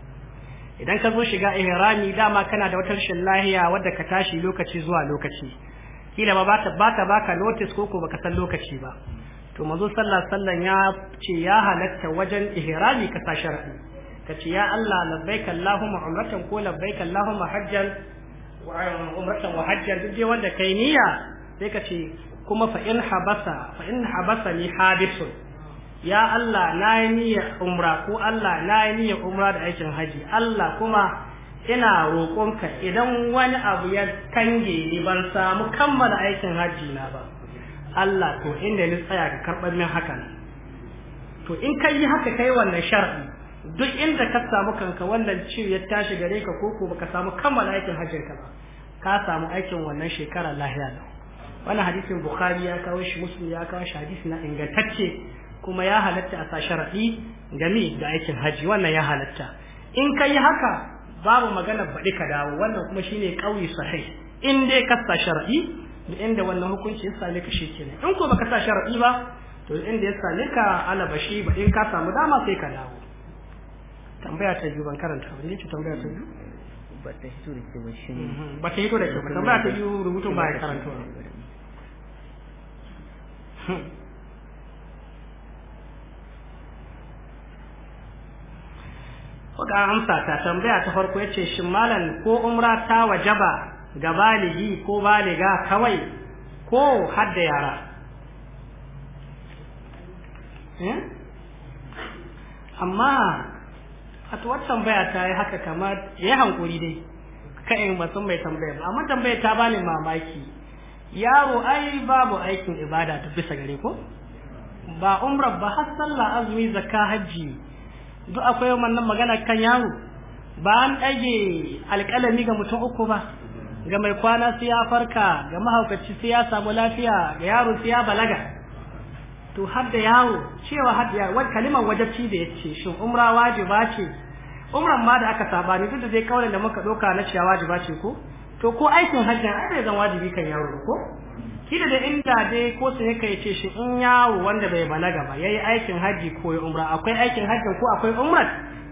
idan ka zo shiga ihrami dama kana da wata rashin lahiya wadda ka tashi lokaci zuwa lokaci kila ba bata baka baka notice ko ko baka san lokaci ba to manzo sallallahu sallan ya ce ya halatta wajen ihrami ka sa sharadi ka ce ya Allah labbaik Allahumma umratan ko labbaik Allahumma hajjan wa umratan wa hajjan duk wanda kai niyya sai ka ce kuma fa in habasa fa in habasa ni habisun ya Allah na yi niyyar umra ko Allah na yi niyyar umra da aikin haji Allah kuma ina roƙonka idan wani abu ya kange ni ban samu kammala aikin haji na ba Allah to inda ni tsaya ka karɓar min hakan to in ka yi haka kai wannan shar'i duk inda ka samu kanka wannan ciwo ya tashi gare ka ko ko baka samu kammala aikin hajjin ka ba ka samu aikin wannan shekara lahiya lau wannan hadisin bukhari ya kawo shi muslim ya kawo shi hadisi na ingantacce kuma ya halatta a sa sharaɗi game da aikin haji wannan ya halatta in ka yi haka babu magana baɗi ka dawo wannan kuma shine ƙauye sahih in dai ka sa sharaɗi da inda wannan hukunci ya same ka shi kenan in ko baka sa sharadi ba to inda ya same ka ala bashi ba in ka samu dama sai ka dawo tambaya ta biyu ban karanta ba ne ce tambaya ta biyu ba ta hito da kyau ba shi mhm. ba ta hito da kyau ba tambaya ta biyu rubutun ba ya karanta ba hmm. kuka amsa ta tambaya ta farko yace shin malam ko umra ta wajaba ga baligi ko baliga kawai ko hadda yara eh? amma a tambaya ta yi haka kamar ya yi hankuri dai ka'in masu mai tambaya ba amma tambaya ta bani mamaki yaro ai babu aikin ibada ta bisa gare ko ba umrar ba har sallah azumi zakka hajji duk akwai wannan magana kan yaro ba an ɗage alƙalami ga mutum uku ba ga mai kwana sai ya farka ga mahaukaci sai ya samu lafiya ga yaro sai ya balaga to har da cewa har da yawo kalimar wajabci da ya ce shin umra wajiba ce umran ma da aka saba ne duk da zai kaurin da muka ɗauka na cewa wajiba ce ko to ko aikin hajji ai zan wajibi kan yaro ko kida da inda dai ko sai kai ce shi in yawo wanda bai balaga ba yayi aikin haji ko ya umra akwai aikin haji ko akwai umra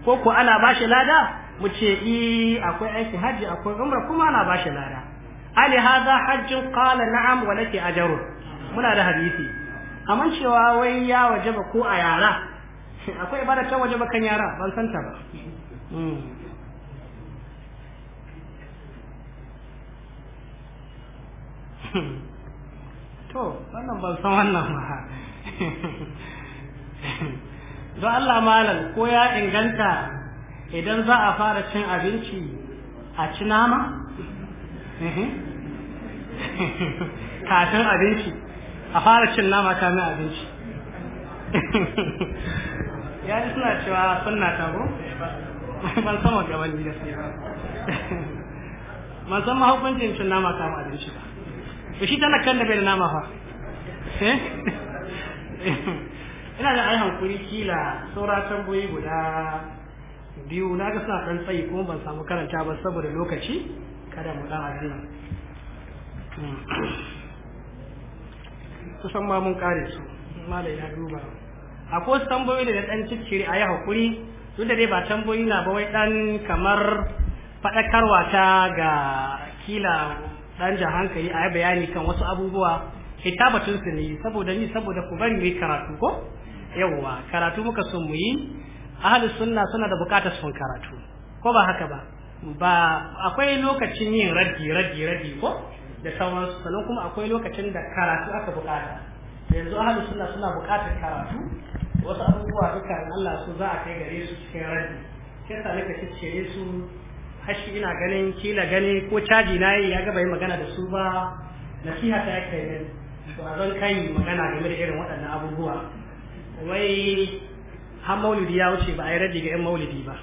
ko ko ana bashi lada mu ce i eh, akwai aikin haji akwai umra kuma ana bashi lada ali hada hajjun qala na'am wa laki ajrun muna da hadisi amma cewa wai ya wajaba ko a yara akwai ibada ta wajaba kan yara ban santa ba Hmm. to wannan ban san wannan ba don Allah malam ko ya inganta idan za a fara cin abinci a ci nama kafin abinci a fara cin nama kamin abinci ya yi suna cewa suna ta ban san wa gaban gida sai ba ban san mahukuncin cin nama kamin abinci ba to shi kan da bai da nama fa eh? ina da ai hankuri kila saura tamboyi guda biyu na ga suna ɗan tsayi kuma ban samu karanta ba saboda lokaci kada mu ɗan to hmm. san ma mun kare su mala ya duba akwai wasu tamboyi da ɗan cicciri ayi yi haƙuri duk da dai ba tamboyi na ba wai dan kamar faɗakarwa ta ga kila dan jan hankali a bayani kan wasu abubuwa kitabatun su ne saboda ni saboda ku bari mu karatu ko yawwa karatu muka son mu yi ahlus sunna suna da bukatar sun karatu ko ba haka ba ba akwai lokacin yin raddi raddi raddi ko da su sannan kuma akwai lokacin da karatu aka bukata yanzu ahlus sunna suna bukatar karatu wasu abubuwa duka Allah su za a kai gare su cikin raddi kisa sa nake cicce su hashi ina ganin kila gani ko caji na yi ya gaba yi magana da su ba nasiha ta yake ne to a zan kai magana game da irin waɗannan abubuwa wai har maulidi ya wuce ba a yi raji ga 'yan maulidi ba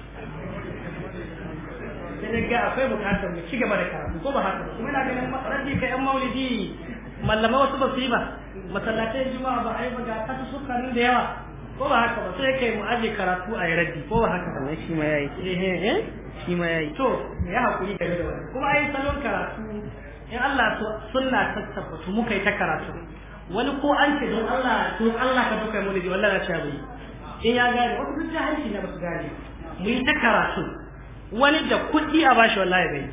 sai ga akwai bukatar mu ci gaba da karatu ko ba haka kuma ina ganin raji ga 'yan maulidi mallama wasu ba su yi ba masallatai juma'a ba a yi ba ga kasu sukanin da yawa ko ba haka ba sai kai mu aje karatu a yi raji ko ba haka ba shi ma yayi eh, eh, eh. shi ma yayi to ya hakuri game da wani, kuma ai salon karatu in Allah to sunna ta tabbatu muka yi ta karatu wani ko an ce don Allah to Allah ka duka mu da wallahi na ce bai in ya gane wasu duk jahilci na basu gane mu yi ta karatu wani da kuɗi a bashi wallahi bai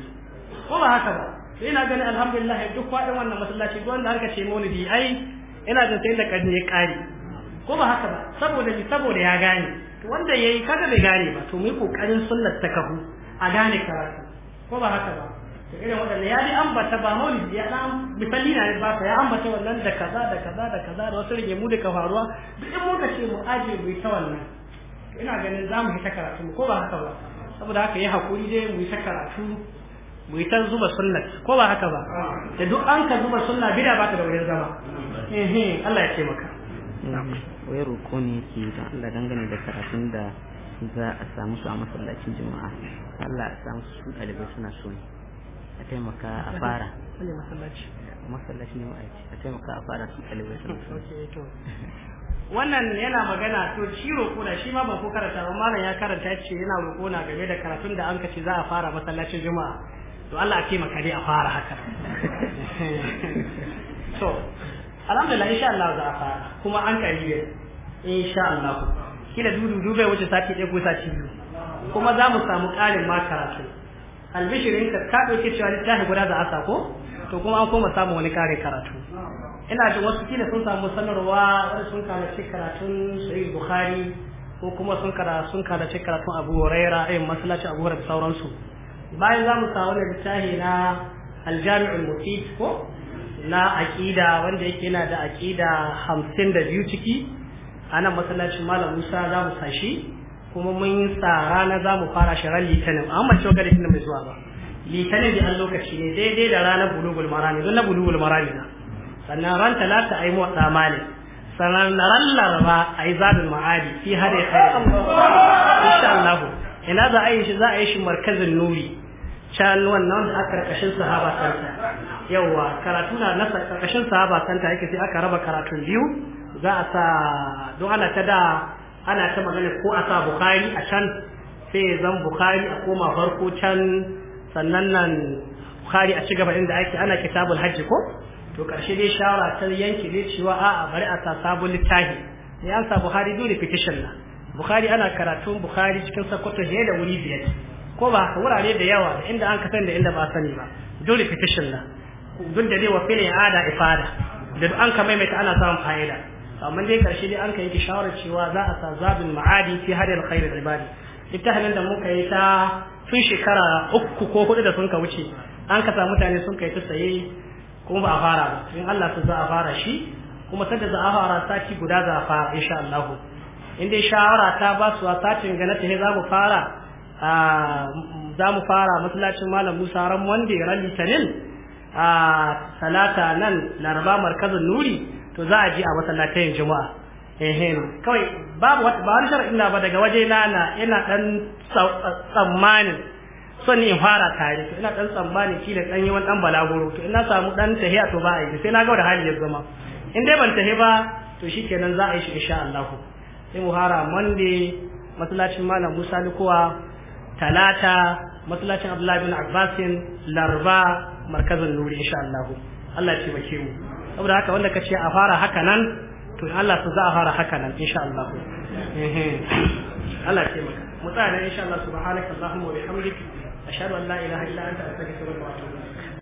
ko ba haka ba to ina ganin alhamdulillah duk faɗin wannan masallaci duk wanda harka ce maulidi ai ina jin sai da ƙarni ya kare ko ba haka ba saboda ni saboda ya gane wanda yayi kaga bai gane ba to mai kokarin sunan ta kahu a gane karatu ko ba haka ba da irin waɗanda ya dai ambata ba maulidi ya dan misali na ba ya ambata wannan da kaza da kaza da kaza da wasu rige mu da kafaruwa duk in muka ce mu aje mu ta wannan ina ganin za mu yi ta karatu ko ba haka ba saboda haka yi hakuri dai mu yi ta karatu mu yi ta zuba sunnat ko ba haka ba da duk an ka zuba sunna bida ba ta da wurin zama Allah ya ce maka wai roƙo ne yake don Allah dangane da karatun da za a samu su a masallacin juma'a Allah a samu su ɗalibai suna so ne a taimaka a fara masallaci ne ma'aiki a taimaka a fara su ɗalibai suna so wannan yana magana to shi roƙo da shi ma ban ko karanta ba malam ya karanta ce yana roƙo na game da karatun da an kace za a fara masallacin juma'a to Allah a taimaka dai a fara haka to alhamdulillah insha Allah za a fara kuma an kai insha Allah kila dudu dubai wuce sati ɗaya ko sati biyu kuma za mu samu ƙarin ma karatu albishirin ka ka ɗauke cewa littafi guda za a sa ko to kuma an koma samu wani ƙarin karatu ina jin wasu kila sun samu sanarwa wani sun kalaci karatun sahih bukhari ko kuma sun kara sun karatun abu huraira irin masallaci abu huraira sauransu bayan za mu sa wani littafi na aljami'ul mufid ko na aƙida wanda yake yana da aƙida hamsin da biyu ciki a nan masallacin malam musa za mu sashi kuma mun yi sa rana za mu fara ran litinin amma cewa ga litinin mai zuwa ba litinin da an lokaci ne daidai da ranar bulugul marami don na bulugul marami na sannan ran talata a yi motsa mali sannan ran laraba a yi zadin ma'adi fi hada ya kare insha Allah ina za a yi shi za a yi shi markazin nuri can wannan da aka karkashin sahaba santa yawa karatu na nasa karkashin sahaba santa yake sai aka raba karatun biyu za a sa don ana ta da ana ta magana ko a sa bukari a can sai zan bukari a koma farko can sannan nan bukari a cigaba inda ake ana kitabul hajji ko to karshe dai shawara ta yanke dai cewa a'a bari a sa sabon littafi ne an sa bukari dole petition na bukari ana karatun bukari cikin sakkwato fiye da wuri biyar ko ba wurare da yawa da inda an san da inda ba sani ba dole petition na duk da dai wa fili ada ifada da an ka maimaita ana samun fa'ida amma dai karshe dai an kai ki shawarar cewa za a sa zabin ma'adi fi hadal khairul ibadi littafin da muka yi ta tun shekara uku ko hudu da sun ka wuce an kasa mutane sun kai ta saye kuma ba a fara ba in Allah su za a fara shi kuma sanda za a fara sati guda za a fara insha Allah in dai shawara ta ba su a satin ga ta za mu fara za mu fara masallacin malam Musa ran Monday ran Litinin a talata nan na Laraba markazin Nuri to za a ji a masallatayin juma'a ehem kawai babu wata ba wani shar'in ba daga waje na na ina dan tsammanin son in fara tare ina dan tsammanin kila dan yi wani dan balaguro to ina samu dan tahiya to ba a yi sai na ga da hali ya zama in dai ban tahi ba to shi shikenan za a yi shi insha Allah sai mu hara monday masallacin malam Musa Likuwa talata masallacin Abdullahi bin Abbasin larba markazin nuri insha Allah Allah ya taimake mu saboda haka wanda kace a fara haka nan to Allah su za a fara haka nan insha Allah Allah ce maka mu tsaya insha Allah subhanaka allahumma wa bihamdik ashhadu an la ilaha illa anta astaghfiruka wa atubu